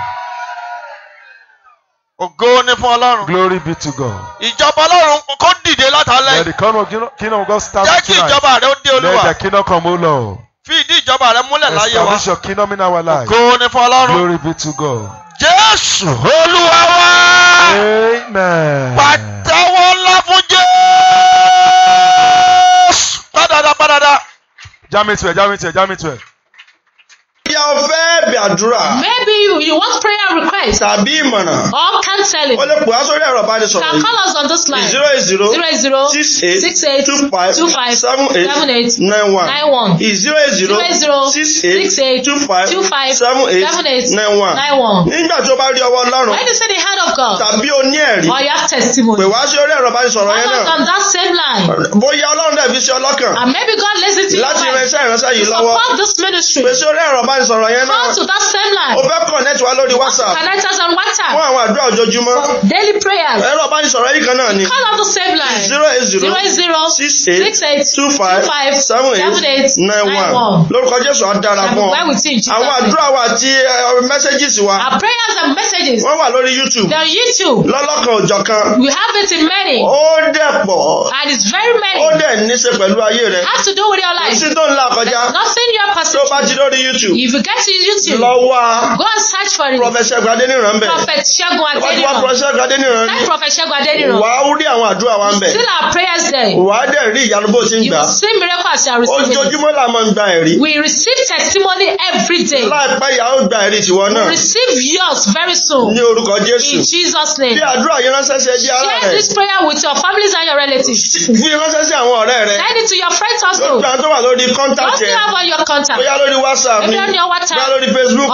Ògo ni fún Ọlọ́run. Glory be to God. Ìjọba Ọlọ́run kò dìde látàlẹ́. Let the kingdom, kingdom God start tonight. Jẹ́ kí ìjọba rẹ ó dé Olúwa. Let the kingdom come, O Lord. Fi ìdí ìjọba rẹ múlẹ̀ láyé wa. Establish your kingdom in our life. Ògo ni fún Ọlọ́run. Glory be to God. Jésù Olúwa wa. Amen. Pàtẹ́wọ́ ńlá fún Jésù. Pádàdà pádàdà. Jámi tiẹ̀, jámi tiẹ̀, jámi tiẹ̀. Ìyá ọ̀fẹ́ bẹ̀ àdúrà. Maybe you you want prayer request. tàbí ìmọ̀ràn. or counseling. o lè pè wá sórí ẹ̀rọ ìbánisọ̀rọ̀ yìí. can call us on this line. zero eight zero zero eight zero six eight six eight two five two five seven eight seven eight nine one nine one. zero eight zero zero six eight six eight two five two five seven eight seven eight nine one nine one. nígbà tí o bá rí ọwọ́ Ọlọ́run. when you see the hand of God. tàbí o ní ẹ̀rí. or you have testimony. pè wá sórí ẹ̀rọ ìbánisọ̀rọ̀ yẹn náà. call us on that same line. bóyá Ọlọ́run dẹ̀ fi ṣe ọlọ́kàn. and maybe God listen to you. láti irinṣẹ́ ìránṣẹ́ yìí lọ́wọ́. support this ministry. call to that same line connect wa lórí WhatsApp. Connect us on WhatsApp. Fún àwọn àdúrà ojoojúmọ́. daily prayers. Ẹ̀rọ ọ̀bánisọ̀rọ̀ yìí kan náà ni. Call out the same line. zero eight zero. zero zero. six eight. six eight. two five. two five. seven eight. seven eight. nine one. Lórúkọ Jésù á dára fún ọ. Àwọn àdúrà wa àti eh, messages wa. Our prayers and messages. Wọ́n wà lórí YouTube. The on YouTube. Lọ́lọ́kan òjọ̀kan. We have it in many. Ó dẹ̀ pọ̀. And it's very many. Ó dẹ̀ ní ṣe pẹ̀lú ayé rẹ̀. Has to do with your life. Kò sí tó ń la kọjá. There's nothing you are passing through. Tó bá ti lórí YouTube. If you get to YouTube. Lọ wá. Go and search for it. prophet ṣẹ́gun adéníran ń bẹ̀. prophet ṣẹ́gun adéníran. wọ́n ti wá prophet ṣẹ́gun adéníran. search prophet ṣẹ́gun adéníran. wà á rí àwọn àdúrà wa ń bẹ̀. still our prayers there. wà dẹ̀ rí ìyanu bó ti ń gbà. you see miracle as you are receiving. ojoojúmọ́ la máa ń gba ẹ̀rí. we receive testimony every day. láìpẹ́ ìyá ó gba ẹ̀rí tiwọn náà. we receive yours very soon. ní orúkọ jésù. in Jesus name. bí àdúrà yẹn ránṣẹ́ sí ẹbí ara rẹ. share this prayer with your families and your relatives. fi ránṣẹ́ sí àwọn ọ̀rẹ́ rẹ. send it to your friends also. don't you have your contact. bóyá lórí WhatsApp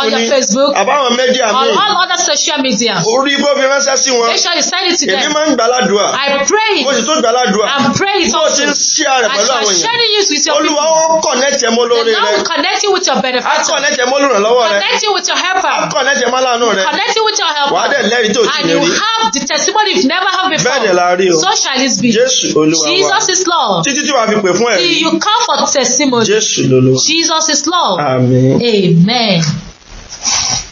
on your Facebook báwọn media mi. on all other social media. orí bó fi ránṣẹ́ sí wọn. make sure you send it to them. èmi máa ń gbàládùá. I pray it. mo sì tún gbàládùá. I pray it also. mo ti ń share pẹ̀lú àwọn èèyàn. I shall share it with your people. olúwa ó connect ẹ mọ́ lórí rẹ. the Lord will connect you with your benefactor. a connect ẹ mọ́ olùrànlọ́wọ́ rẹ. connect you with your helper. a connect ẹ mọ́ aláàánú rẹ. connect you with your helper. wàá dẹ̀ lẹ́rìí tó ti rí. and you have the testimony you've never have before. bẹ́ẹ̀ la rí o. so shall it be. Jésù olúwa wa. Jesus is Lord. títí tí wàá fi pè fún ẹ̀rí. till you come for testimony. Jésù lolúwa. Jesus is Lord. Amen. Amen.